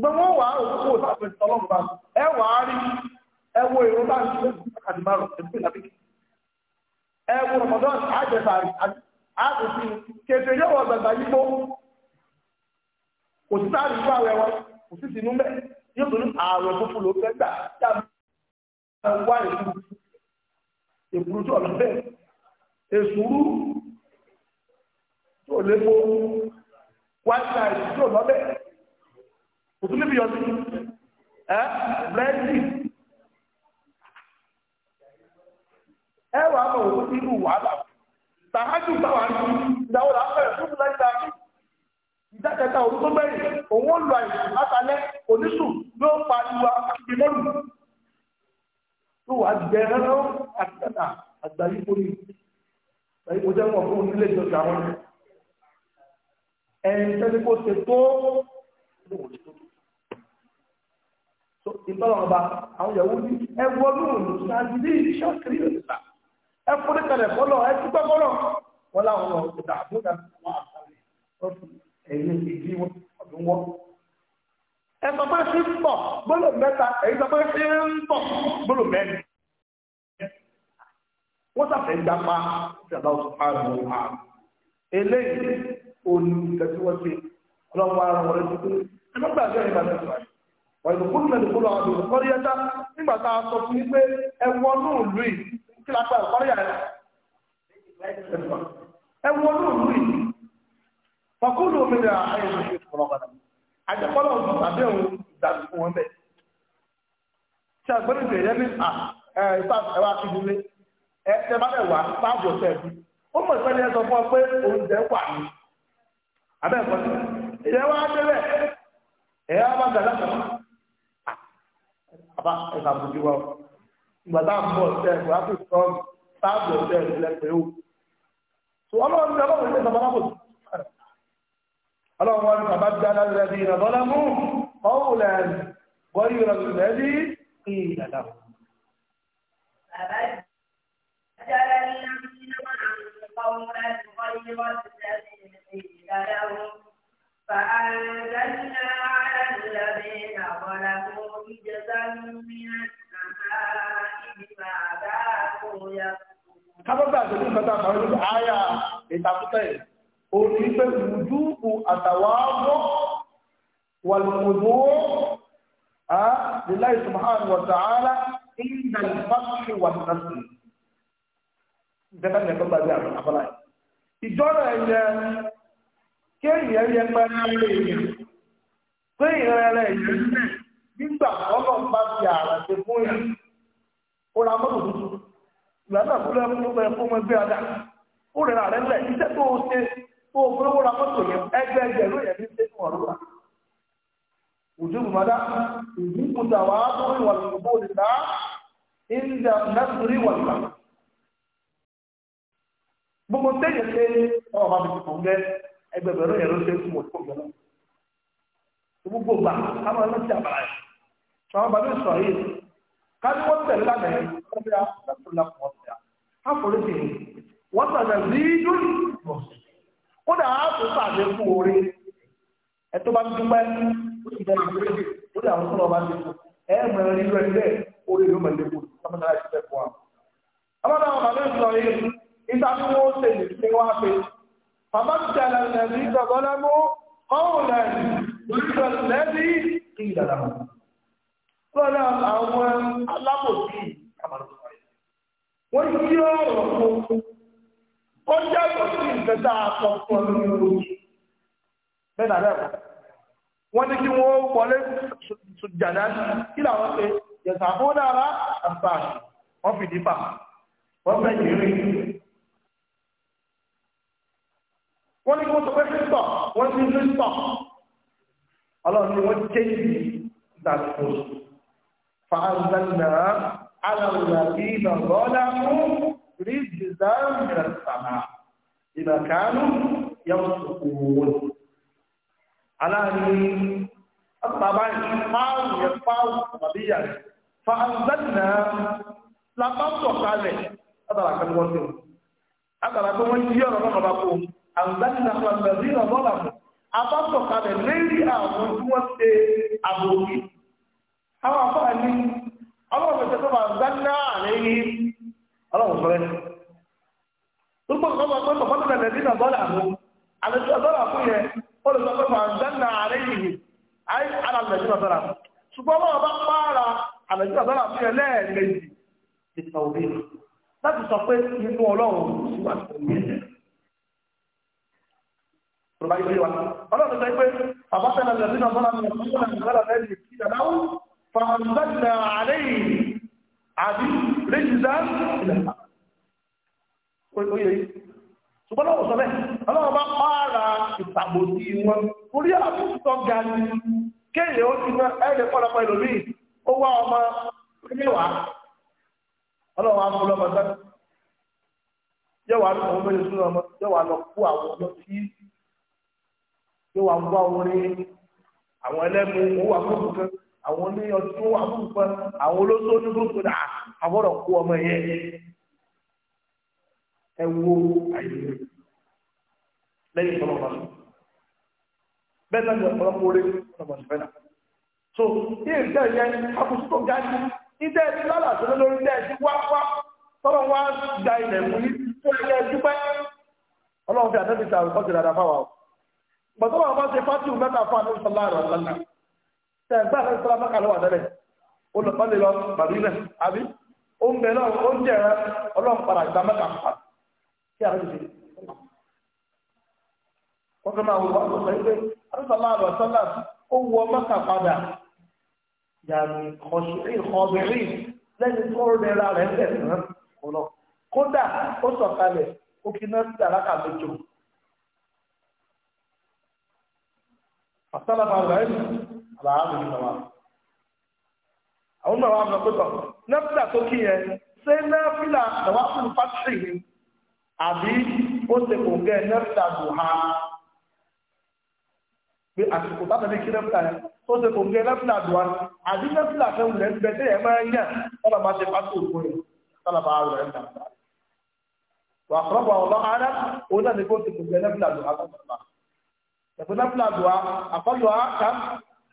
ṣùgbọ́n wọ́n wà á òkú òsàpẹ̀ tọ́lọ́mùbá ẹ wà á rí ẹ wo èrò bá ń ṣe àti márùn ẹgbẹ́ ẹ rọmọdọ́n yóò wọ gbàgbà kò sí wọn kò sí mẹ yóò tó ní ló gbà wá ọ̀nà kò tún níbi yọtí ẹ bírẹ́dì ẹ wà á bọ̀wọ̀ nínú wàhálà tàhájú báwa ní ìdáwó là á bẹ̀rẹ̀ fún mi láti dáa ìdákẹ́ta òun tó gbẹ̀yìn òun ó lo àìsàn látàlẹ́ oníṣù ló pa ìwà ìmọ̀lù tó wà jẹ́rẹ́ àtìkàtà àgbáyípo ni àgbáyípo jẹ́ wọn fún onílé ìjọba wọn ẹni tẹ́lẹ̀ kó ṣe tó tó ìtọ́lọ́mọba àwọn ìyàwó ní ẹwọ́ lóòrùn ṣáájú ní iṣẹ́ kiri ìrìnà ẹ fúnni kalẹ̀ fọlọ́ ẹ dúpẹ́ fọlọ́ wọn láwọn lọ ìdá àbúdá wọn àtàlẹ̀ lọ́sùn ẹ̀yìn ìdí wọn ọdún wọn. ẹ sọ pé ṣé ń bọ̀ gbọ́dọ̀ mẹ́ta ẹ̀yìn sọ pé ṣé ń bọ̀ gbọ́dọ̀ mẹ́rin. wọ́n sàfẹ́ gbà pa ìjàmbá oṣù márùn-ún wa. eléyìí olùtẹ̀síwọ́sí ọlọ́wọ́ ara wọlé tuntun ọ̀dùnkún mẹ́lùkúlù àwọn olùkọ́rí ẹ̀dá nígbà sọ fún pé ẹwọ náà lù í kí ẹwọ náà lù fọkúlù òmìnira tàbí fún wọn tí a na tẹ̀lé ní à ẹ̀ẹ́dá ẹ̀wà kíndúlé ẹ̀ẹ́dẹ́ bá bẹ̀ wá sáàbù ọ̀sẹ̀ bí ó mọ̀ ìpẹ́lẹ́ ẹ̀ sọ fún ọ pé oúnjẹ wà ní ìyẹn wá ẹ̀yà bá àbá ẹ̀ka àbójú wa ìgbà tá à ń bọ̀ ọ̀sẹ̀ ìgbà tó sọ táàbù ọ̀sẹ̀ ìrìnlẹ̀ pé ó so ọlọ́run ní ọlọ́run ní ìjọba lábòsí ọlọ́run wọn bàbá dáná lẹ́bí ìrànlọ́lá mú ọ̀húnlẹ̀ wọ́n yóò rọ̀ lẹ́bí ìrìnlẹ̀ فبدل الذين ظلموا قولا غير الذي لهم فأنزلنا على الذين ظلموا Kábọ́gbà tó ní ìfẹ́ta àwọn olùgbà ayà ìtàkùtà ẹ̀, ó ní pé wùdúùkù àtàwàábọ́ wà lùmùdó á líláì subhanahu wa ta'ala ìdà ìfàṣì wà nàṣì. Ìjọba ní ẹ̀kọ́ gbàgbé àwọn àbọ́lá ẹ̀. Ìjọ́rọ̀ ẹ̀yẹ nígbà tọ́lọ̀ bá fi ààrẹ ṣe fún yìí ó ra mọ́tò tuntun ìgbà náà kó lẹ́yìn fún ẹgbẹ́ ọ̀dà ó rẹ̀ ààrẹ lẹ̀ iṣẹ́ tó o ṣe tó o fẹ́ ra mọ́tò yẹn ẹgbẹ́ ẹgbẹ́ ló yẹ ṣe fún ọ̀rọ̀ wa. òjò bùmọ́dá kùtà wà á ìwà wà gbogbo ṣe mi ẹgbẹ́ sọ̀rọ̀ bàbá sọ̀ yìí kájú wọ́n tẹ̀lé lánàá yìí wọ́n bí wọ́n lọ́pọ̀ ọ̀tẹ̀ á forí sí i wọ́n sọ̀rọ̀ zídú kódà á tún pàdé fún orí ẹ tó bá ń dúpẹ́ ó sì dẹ́nu orí ó dà wọ́n sọ̀rọ̀ bá ti kú ẹ mọ̀ ẹ́ nílò ẹgbẹ́ orí ló mọ̀ lẹ́kọ̀ọ́ sọ́mọ́tà láti fẹ́ fún wa. ọmọdé àwọn bàbá sọ̀ yìí ìta ni wọ́n ṣe ní wá pé bàbá tẹ̀lé lẹ́ni ìgbàgbọ́ lẹ́mú kọ́ọ̀lẹ́ ìgbàgbọ́ lẹ́ni ìgbàgbọ́ lọ́dọ̀ àwọn alábòsí àbàlùfà wọ́n yí ọ̀rọ̀ fún ó jẹ́ ìtọ́jú ìgbẹ́ta àkọ́kọ́ lórí orí bẹ́ẹ̀ náà bẹ́ẹ̀ wọ́n ní kí wọ́n wọlé sùjàdá kí làwọn ṣe yẹ̀sà fún dára àgbà wọ́n fi dìpà wọ́n fẹ́ yìí wọ́n ní kí wọ́n sọ pé kírísítọ̀ wọ́n ti kírísítọ̀ ọlọ́run ni wọ́n jẹ́ ìdí ìdàgbàsókè fàánzánà aláwòrán iná lọ́lá fún ríjìdá mìíràn sàmà ìnàkánú yàwó sòkòwò aláàrin àtàbà ìfáàrùn yẹn fáàrùn tàbíyà fàánzánà lápapọ̀ kalẹ̀ látara kan wọ́n tó látara kan wọ́n yí ọ̀rọ̀ náà bá kó àǹzánà fàánzánà lọ́lá fún àpapọ̀ kalẹ̀ lérí àwọn tí wọ́n ṣe àbòkí àwọn afáà ní ọlọ́run ìṣẹ́ tó máa gbáná àlẹ́yìn ọlọ́run sọ rẹ̀. gbogbo nǹkan máa pẹ́ pọ̀ fọ́tò nàìjíríà dọ́là mú àlejò dọ́là fún yẹn ó lè sọ pé máa gbáná àlẹ́yìn ayé ara nàìjíríà dọ́là ṣùgbọ́n máa bá pààrà àlejò dọ́là fún yẹn lẹ́ẹ̀mejì ìtàn òbí láti sọ pé inú ọlọ́run sì wà tó yẹn ọlọ́run sọ pé àbáṣẹ́ nàìjíríà dọ́là mú ọlọ́run فأنزلنا عليه عبي رجزا إلى الأرض ṣùgbọ́n lọ́wọ́ sọ́bẹ̀ ọlọ́wọ́ bá pààrà ìtàbòsí wọn orí àbúrútọ́ ga ní kéèrè ó ti ná ẹ̀rẹ̀ pọ̀lọpọ̀ ìlòmí ó wá ọmọ mẹ́wàá ọlọ́wọ́ afúnlọ́mọ sẹ́ni yẹ́wàá lọ ọmọ mẹ́rin sún ọmọ yẹ́wàá lọ kú àwọn oní ọtún amúnpa àwọn olóṣó ní gbogbo dà àbọ̀rọ̀ kú ọmọ yẹn ẹ wo àyè lẹ́yìn tọ́lọ́pàá sọ bẹ́ẹ̀ náà ní ọ̀pọ̀lọpọ̀ orí ọ̀pọ̀lọpọ̀ sí bẹ́ẹ̀ náà so ní ìdá yẹn àkóso tó ga jù ìdá ẹni lọ́la tó lórí ìdá ẹni wá wá tọ́lọ́ wá gba ilẹ̀ mú ní tó ẹ̀yẹ dúpẹ́ ọlọ́run fi àtẹ́bí ta àrùkọ́ ti dáadáa fáwọn àwọn bàtọ́lọ́wọ́ bá ṣe fásitì mẹ́ta fún àdéhùn sọlá àrùn àlànà tẹ̀gbá àti sọ́lá mọ́kà lọ́wọ́ àdẹ́rẹ̀ olùpọ̀lẹ̀ lọ màdínà àbí ó ń bẹ náà ó ń jẹ́ ẹ̀rẹ́ ọlọ́run padà gba mọ́kà pa kí àwọn ti ṣe. wọ́n fẹ́ máa wọ wá sọ pé àtúntàlá àlọ́ sọ́lá ó wọ mọ́kà padà yàrá ìkọ̀ṣẹ́rì ìkọ̀bẹ̀rì lẹ́ni tó rẹra rẹ̀ bẹ̀ náà ọlọ́ kódà ó sọ̀kalẹ̀ ó kí náà dàrákà méjò. àtàlà bàbá rẹ̀ àbáhámi ní bàbá àwọn bàbá àbúrò pẹ̀tọ̀ nẹ́fìlà tó kí yẹn ṣé nẹ́fìlà lọ́wọ́ fún pàṣẹ àbí ó ṣe kò gẹ́ nẹ́fìlà dùhà pé àsìkò tábà ní kí nẹ́fìlà yẹn tó ṣe kò gẹ́ nẹ́fìlà dùhà àbí nẹ́fìlà fẹ́ wulẹ̀ ń bẹ tẹ́ ẹ̀ máa ń yàn ọ̀nà máa ṣe pàṣẹ òkú yẹn tọ́lá bá rẹ̀ ń dàgbà wà kọ́bọ̀ ọ̀lọ́ ara òun náà ní kó ṣe kò gẹ́ nẹ́fìlà dùhà tó ṣe kò gẹ́ nẹ́fìlà dùhà àkọ́lù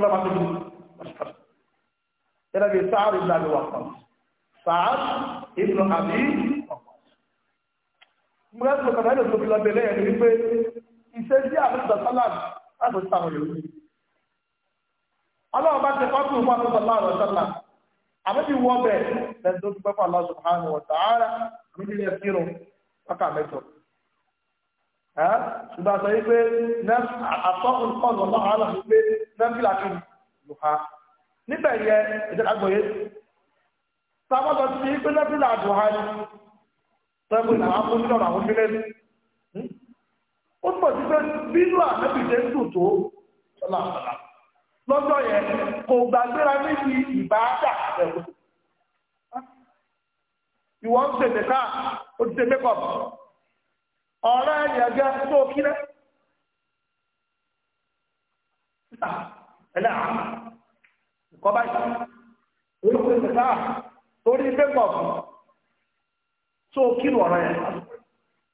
tọ́lá máa tóbi mọ́ṣíkàṣì gẹ́gẹ́ bí sáàrù ìlú àbí wàkàn sáàrù ìlú àbí wàkàn. mo rẹ́ sọ̀rọ̀ kàtà ìlú tóbi lọ́bẹ̀ lẹ́yìn ní wípé iṣẹ́ sí àwọn ìgbà sálàmù láti ọ̀sán àwọn yòókù. ọlọ́run bá ti kọ́ fún ìwọ́n àti sọ̀lá àwọn sọ̀lá àbẹ́bí wọ́ bẹ̀ lẹ́nu tó dúpẹ́ fún Allah subhanahu wa ta'ala àmì ṣùgbọ́n a sọ yí pé àtọ́kùn kọ́ọ̀nù ọmọ àwọn àlọ́ pé nẹ́fìlà kí ló ha níbẹ̀ yẹ ìjọba gbòye sábọ́tọ̀ ti yí pé nẹ́fìlà àdùn ha ni sẹ́gun ìlànà àkójọ àwọn onílé ó pọ̀ sí pé bínú àtẹ́bìtẹ́ ń dùn tó sọ́lá àtàlà lọ́jọ́ yẹn kò gbàgbéra níbi ìbáàdà ẹ̀wọ̀n ìwọ́n ń ṣètè káà ó ti ṣe mékọ̀ọ̀bù ọ̀rọ̀ ẹ̀yẹ̀ gẹ́ tó kí rẹ̀ ah, ẹ̀lẹ́ àmà ìkọ́ báyìí olùkọ́ torí ilé tó kí ọ̀rọ̀ yẹn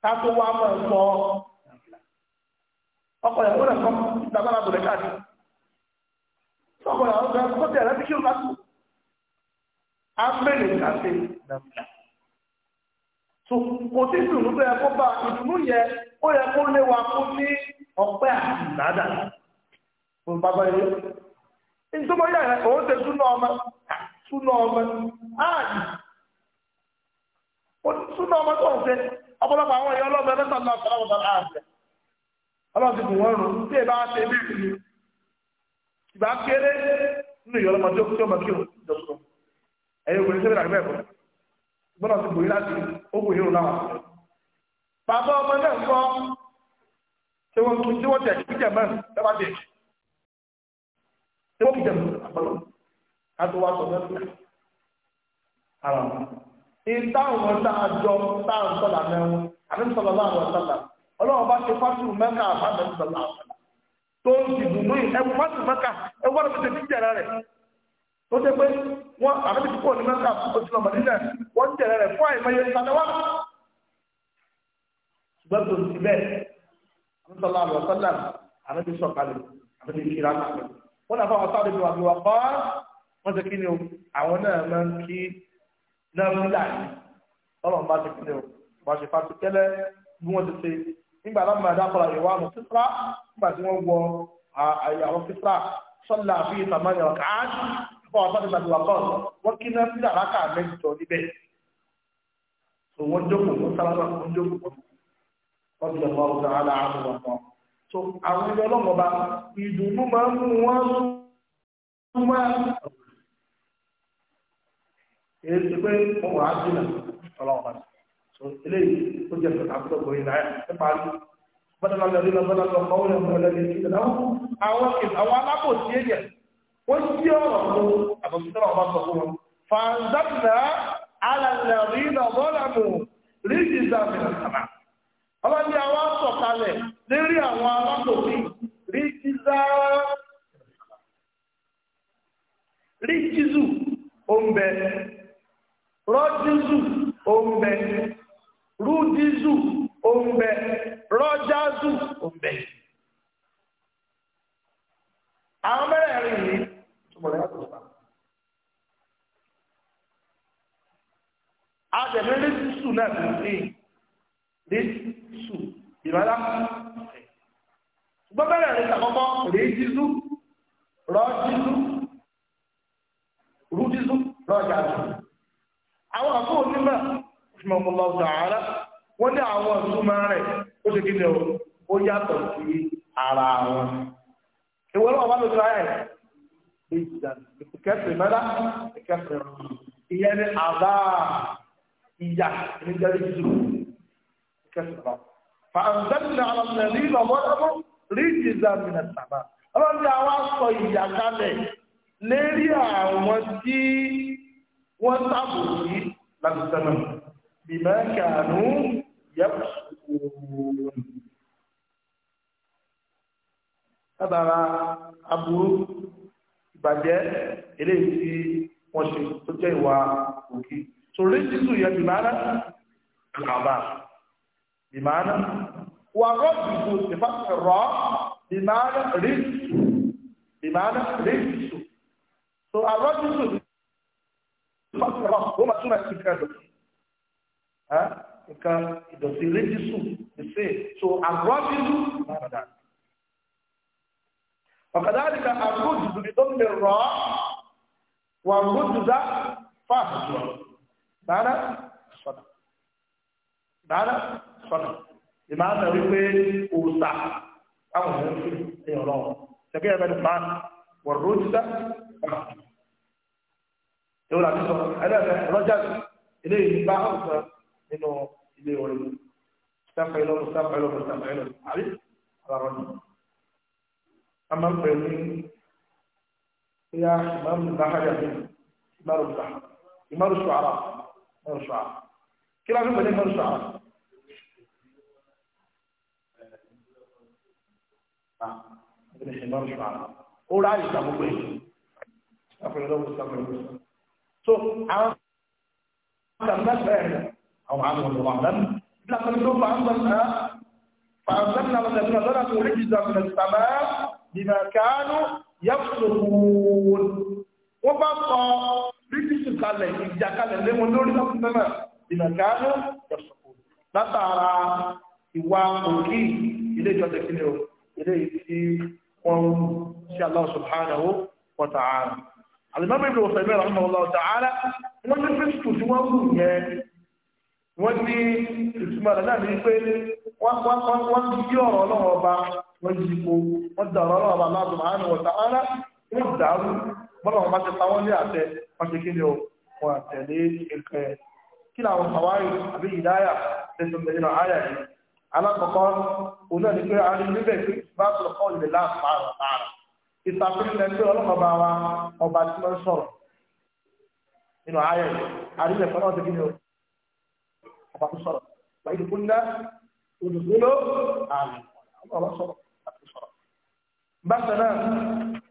ká tó wá mọ̀ ọkọ̀ ìyàwó rẹ̀ kọ́ ìdágbára ọkọ̀ ìyàwó rẹ̀ kọ́ so kò sí ìdùnnú tó yẹ kó bá ìdùnnú yẹ ó yẹ kó lé wa kó ní ọpẹ́ àti ìgbádà kò bá bá yẹ ìtumọ̀ rẹ òun ṣe súnà ọmọ súnà ọmọ áàdì súnà ọmọ tó ń ṣe ọ̀pọ̀lọpọ̀ àwọn èèyàn ọlọ́mọ ẹgbẹ́ sọ̀rọ̀ náà sọ̀rọ̀ ọ̀sán ti bù tí ṣe bí ìlú ìgbà kéré nínú ìyọlọmọdé gbọ́dọ̀ ti bòrí láti ogun ìhìrò náà bàbá ọmọ náà kọ́ tí wọ́n tún tí wọ́n tẹ̀ kí jẹ̀ mẹ́rin lọ́wọ́ tẹ̀ tí wọ́n kí jẹ̀ mẹ́rin àpọ̀lọ́ láti wá sọ mẹ́rin ara wọn. ìtàwọn tá a jọ tá a ń sọ̀lá mẹ́rin àbí sọ̀lọ́ láàrin ọ̀sálà ọlọ́run bá ṣe fásitì mẹ́ka àbá tó ń dìbò mú ẹ̀wù fásitì mẹ́ka ẹ̀wù tó ṣe pé wọn àbẹ́bí tí kò ní mẹ́ta oṣù lọ́mọ nílẹ̀ wọ́n ń tẹ̀lé rẹ̀ fún àìmọye ìsàlẹ̀wá. ṣùgbọ́n tó ti bẹ́ẹ̀ àmúṣọlá àlọ́ sọ́dà àbẹ́bí sọ̀kalẹ̀ àbẹ́bí ìṣirà kalẹ̀ wọ́n náà fọwọ́ sáré ìwà ìwà kọ́ wọ́n ṣe kí ni o àwọn náà máa ń kí náà ń dà ní ọlọ́run bá ṣe kí ni o bá ṣe fàtí kẹ́lẹ́ bí wọ́n ti ṣe nígbà lámà dákọ̀lá ìwà fún àwọn sọ́dọ̀ ìgbàlúwà bọ́ọ̀lù wọ́n kí náà sílẹ̀ àrákà mẹ́jọ níbẹ̀ tó wọ́n jókòó wọ́n sábà wọ́n jókòó wọ́n ti lọ́wọ́ ọ̀sán àlà àrùn wọn kan tó àwọn ilé ọlọ́mọba ìdùnnú máa ń mú wọn súnmọ́ èyí ti pé wọ́n wà á jìnà ọlọ́mọba tó eléyìí ó jẹ́ pẹ̀lú àbúrò gbòòrò ìlà ẹ̀ nípa bọ́dọ̀ lọ́dọ̀ lọ́dọ̀ lọ́dọ̀ kọ́wọ́lẹ̀ mọ́lẹ́ wọ́n sí ọ̀rọ̀ fún àbọ̀mítọ́rọ̀ ọba sọ fún wọn fàǹdàbìlà alàlẹ́rí lọ́gọ́làmù ríjì ìsàmìlà sàmà ọba ní àwọn sọ̀kalẹ̀ lérí àwọn alákòókì ríjì ríjìzù oúnbẹ rọ́jìzù àwọn tẹ̀lé lẹ́sùsù náà tó ń pè lẹ́sùsù ìrọ̀lá ṣùgbọ́n bẹ́rẹ̀ rẹ̀ sàkọ́kọ́ rèéjìzú rọ́jìzú rúdìzú rọ́jàzú àwọn àkó onímọ̀ ìmọ̀mọ̀lọ́ sàárà wọ́n ní àwọn ìtumọ̀ rẹ̀ ó ṣe kíni o ó yàtọ̀ sí ara wọn ìwé lọ́wọ́ bá lójú ayẹ̀ ìjìdá ìkẹsìmẹ́lá ìkẹsìmẹ́lá ìyẹn ní àbá ìyá ìjẹ́rì jù kẹsàn-án. fàǹdẹ́nì àlọ́lẹ̀ ní ìlọ́wọ́dọ́gbọ́ rí ìjìzà mìíràn sàmà. ọlọ́dún àwọn sọ ìyà kalẹ̀ lérí àwọn tí wọ́n sábò sí làbùsànà bìbẹ́ kàánú yẹ́pùsùn. látara aburú ìbàjẹ́ eléyìí tí wọ́n ṣe tó jẹ́ ìwà òkè torí títù yẹ bìmánà kàbà bìmánà wà rọ́bìkù tìfà rọ́ bìmánà rìsù bìmánà rìsù so àrọ́bìkù tìfà rọ́ ó máa túmọ̀ sí kẹ́lò nǹkan ìdọ̀tí rìsù ìsè so àrọ́bìkù bìmánà dà وكذلك الرجز بضم الراء والرجز فهجر rárá sọ̀nà rárá sọ̀nà ìmọ̀ àná wípé òòsà àwọn ènìyàn fi ẹ̀yọ̀ lọ́wọ́ ṣẹ̀kẹ́ ẹ̀rọ ní máa wọ̀rọ̀ lójúdá ọ̀nà ìwọ̀n àti sọ̀rọ̀ ẹlẹ́fẹ̀ rọ́jà eléyìí bá ọ̀sán nínú ilé orin sáfà ìlọ sáfà ìlọ sáfà ìlọ àbí àbárọ̀ ni a máa ń pè ní bóyá ìmọ̀ àmì ìbáhàrẹ̀ àbí ìmọ̀ àrùn ìbáhàrẹ̀ ìmọ̀ àrùn مرشعة كلا عمل بني مرشعة ابن حمار مرشعة قول عايز تعمل كويس أفعل لو استعمل سو عام الناس أهلا أو عام الله أعلم لكن سوف أنزلنا فأنزلنا والذين ظلموا رجزا من السماء بما كانوا يفسقون وبقى kalẹ̀ ìjàkalẹ̀ lé wọn lórí lọ́kùn mẹ́mà ìlàkánú ìjọsọ̀kù látara ìwà òkè ilé ìjọsẹ̀ kí ni o ilé ìfi wọn sí Allah subhanahu wa ta'ala alimami ibi wọ̀sẹ̀ mẹ́rin ọmọ ọlọ́wọ́ ta'ala wọ́n ní kristu tí wọ́n wù yẹn wọ́n ní ìtumọ̀ rẹ̀ náà ní pé wọ́n yí ọ̀rọ̀ ọlọ́wọ́ ọba wọ́n yí ipò wọ́n dà ọ̀rọ̀ ọlọ́wọ́ ọba Allah subhanahu wa ta'ala wọ́n dàrú bọ́lá wọn bá ti pa wọ́n ní àtẹ wọ́n ṣe kí ni o wọ́n àtẹ̀lé ìkẹ́ kí làwọn àwárí àbí ìdáyà tẹ̀sán mẹ́rin àyà yìí alákọ̀ọ́kọ́ òun náà ni pé a rí pé bá sọ̀rọ̀ ọba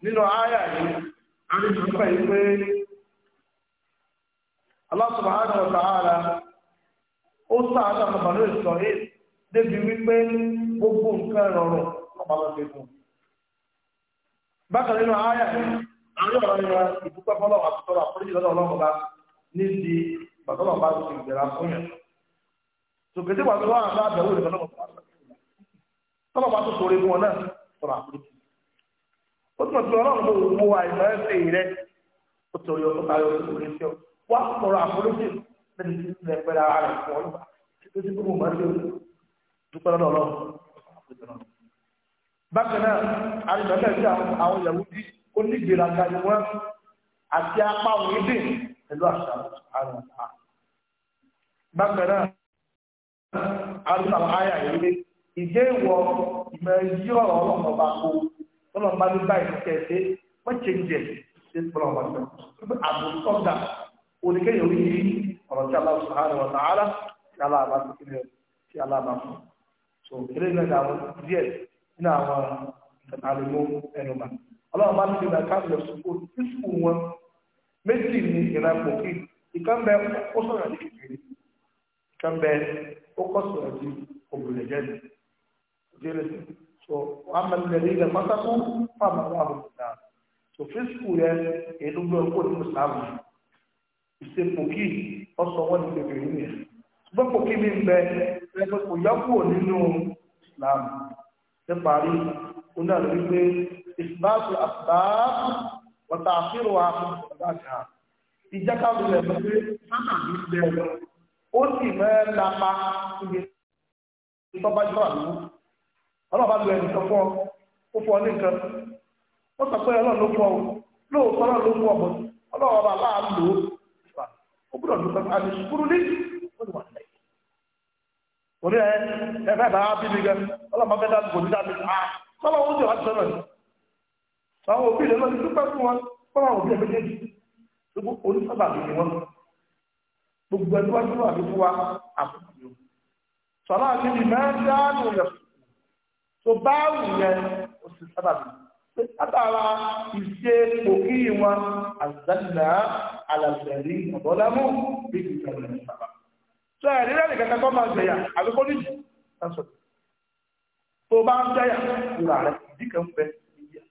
nínú àyà yìí a Allah subhanahu wa ta'ala ó sáájú àwọn bàbá Israel débi wípé gbogbo nǹkan rọrùn ọba fún bákan nínú ààyè àwọn ọ̀rọ̀ yẹn ìdúpẹ́ fọlọ́ àtúntọ́rọ̀ bá ní ti bàtọ́lọ̀ bá ti gbèrà wá sọ̀rọ̀ àforíjì lẹ́nu tí ilẹ̀ pẹ̀lú ara rẹ̀ fọ́ ọlọ́pàá tó ti gbogbo mọ́ sí òun dúpẹ́ lọ́dọ̀ ọlọ́run. bákan náà àrùbẹ́lẹ̀ sí àwọn Yahudi ó ní ìgbéraga ni wọ́n àti apá òun dè pẹ̀lú àṣà àrùn àpá. bákan náà àrùn àwọn àyà yìí ìjẹ́ ìmọ̀ èyí ọ̀rọ̀ ọlọ́run kó ọlọ́run ní báyìí kẹ̀kẹ́ wọ́n ṣe ń jẹ ṣe ń pọ̀ ọ̀rọ̀ àbùkọ́ dà oníkéyàn ní ọ̀rọ̀ tí aláwọ̀ sàárẹ̀ wọ̀ sàárà tí aláàbá ti kiri tí aláàbá fún so eré náà ní àwọn díẹ̀ nínú àwọn ìtàlẹ́mú ẹnu mà ọlọ́run bá nílò náà káàdì ọ̀sùnkú ìsìnkú wọn méjì ní ìran pòkì ìkànnbẹ ó sọ̀rọ̀ ní kékeré ìkànnbẹ ó kọ́ sọ̀rọ̀ di obìnrin jẹ́ ní so wọ́n ilẹ̀ pátákó fún àmàlà àbùkù náà so fíṣkù ìsepòkì ọ̀sọ̀ wọn ní kékeré ní ẹ̀ ṣùgbọ́n pòkì mi ń bẹ ẹgbẹ́ kò yọkùn nínú Islam níparí oná rẹ̀ wípé ìsìláàtù àtàkù wọ̀tà àfihàn wa àtàkà ìjákàwé rẹ̀ lọ pé sáà ní ilẹ̀ ọ̀dọ́ ó sì mẹ́ẹ́ lápá síbi ìtọ́bájú àdúgbò ọlọ́ọ̀bá lu ẹnì kan fún ọ ó fún ọ ní nǹkan sọ pé ọlọ́ọ̀ ló fún ọ lóòótọ́ ọlọ́ọ̀ ló fún ọ bọ̀ ọlọ́ọ̀ bàbá lò ó ó gbọ́dọ̀ ló sọ́kọ́ àti ṣùkúrú ní wọ́n ti wà nílẹ̀ orí ẹ ẹfẹ́ bá bí mi gan ọlọ́mọ fẹ́ dáàbò ní dáàbò à sọ́wọ́ ó jọ láti sọ́nà àwọn òbí rẹ̀ lọ́dún dúpẹ́ fún wọn fọ́nà òbí rẹ̀ méjèèjì gbogbo onísọ́bà mi ni wọ́n gbogbo ẹni wájú wà ní wa àbùkù yòó sọ̀rọ̀ àti ìmẹ́ńdáàlù rẹ̀ tó bá wù yẹn ó sì sábà mi látara ìṣe òkì alàlẹ́rí ọ̀bọ́lámú bí i ìjọba ní sábà. tó ẹ̀ nílẹ̀ nìkan kan kọ́ máa jẹyà àbíkó níjì lásọ̀ tó bá ń jẹyà ìrà rẹ̀ ìdí kan fẹ́ níyà.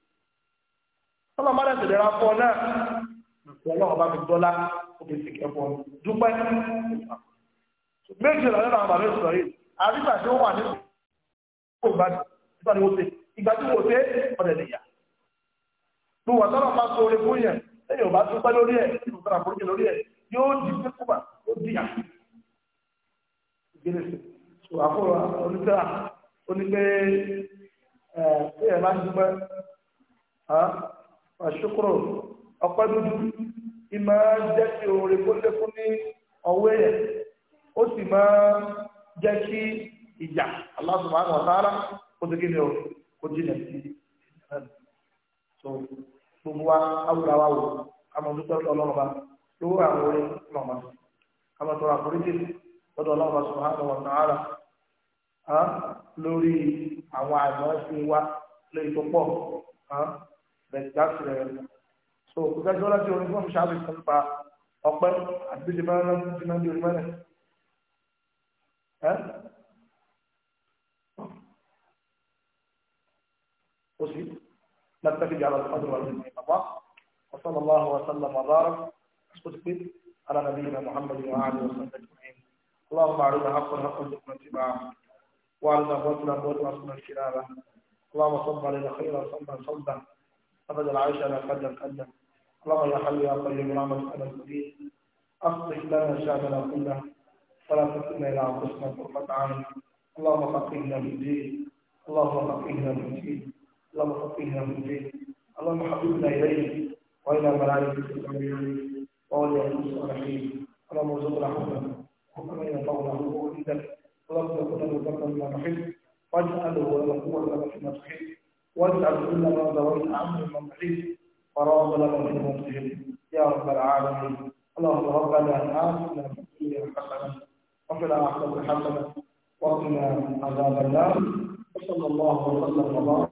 tọ́lá má dẹ̀sẹ̀ dẹ̀ra fọ́ náà ìpínlẹ̀ ọba mi dọ́lá òkè sì kẹ́kọ̀ọ́ dúpẹ́ méjì lọ nínú àwọn àmì ìsọ̀rí àrígbà tí ó wà nínú ìgbà tí wọ́n ṣe ìgbà tí wọ́n ṣe ọ̀dẹ̀ lẹ́yìn ọba tó pẹ́ lórí ẹ̀ nínú tọ́ra lórí yóò di di sọ dúdú máa kí oore kó lékún ní ó sì máa kí ìjà kí ni o sí gbogbo wa awúra wa wò amọ̀dúpẹ́ tó ọlọ́run bá lówó àwọn orin mọ̀mọ́ amọ̀tọ́rọ̀ àforíjì lọ́dọ̀ ọlọ́run bá subhanahu wa ta'ala lórí àwọn àgbọn ṣe wá lórí tó pọ̀ bẹ̀gbàsí rẹ̀ so kò fẹ́ sọ́lá tí orin fún ṣáàbì kan pa ọpẹ́ àti bí ṣe máa ń ti máa di orin mẹ́rin ó sì نتفق على القدر والمنزل الله وصلى الله وسلم وبارك وسلم على نبينا محمد اله وصحبه أجمعين اللهم أعلنا حقا حقا لكم اتباعا وأعلنا باطلا باطلا صلى اجتنابا اللهم صب علينا خيرا صبا صبا أبدا العيش على قدر قدر اللهم يا حي يا قيوم رحمتك على المدين أصلح لنا شأننا كله ولا تكلنا إلى أنفسنا طرفه عين اللهم فقهنا في الدين اللهم فقهنا في الدين اللهم فقهنا من الدين اللهم حببنا إليه وإلى ملائكة وولي انفس الصالحين اللهم ارزقنا حبا حكما ينفعنا حبه عندك اللهم كن له ذنبا ما تحب واجعله لنا قوة لنا فيما تحب واجعل كل مرضى والأعم من تحب فراغ لنا من تحب يا رب العالمين اللهم ربنا آتنا في الدنيا حسنة وفي الآخرة حسنة وقنا عذاب النار وصلى الله وسلم وبارك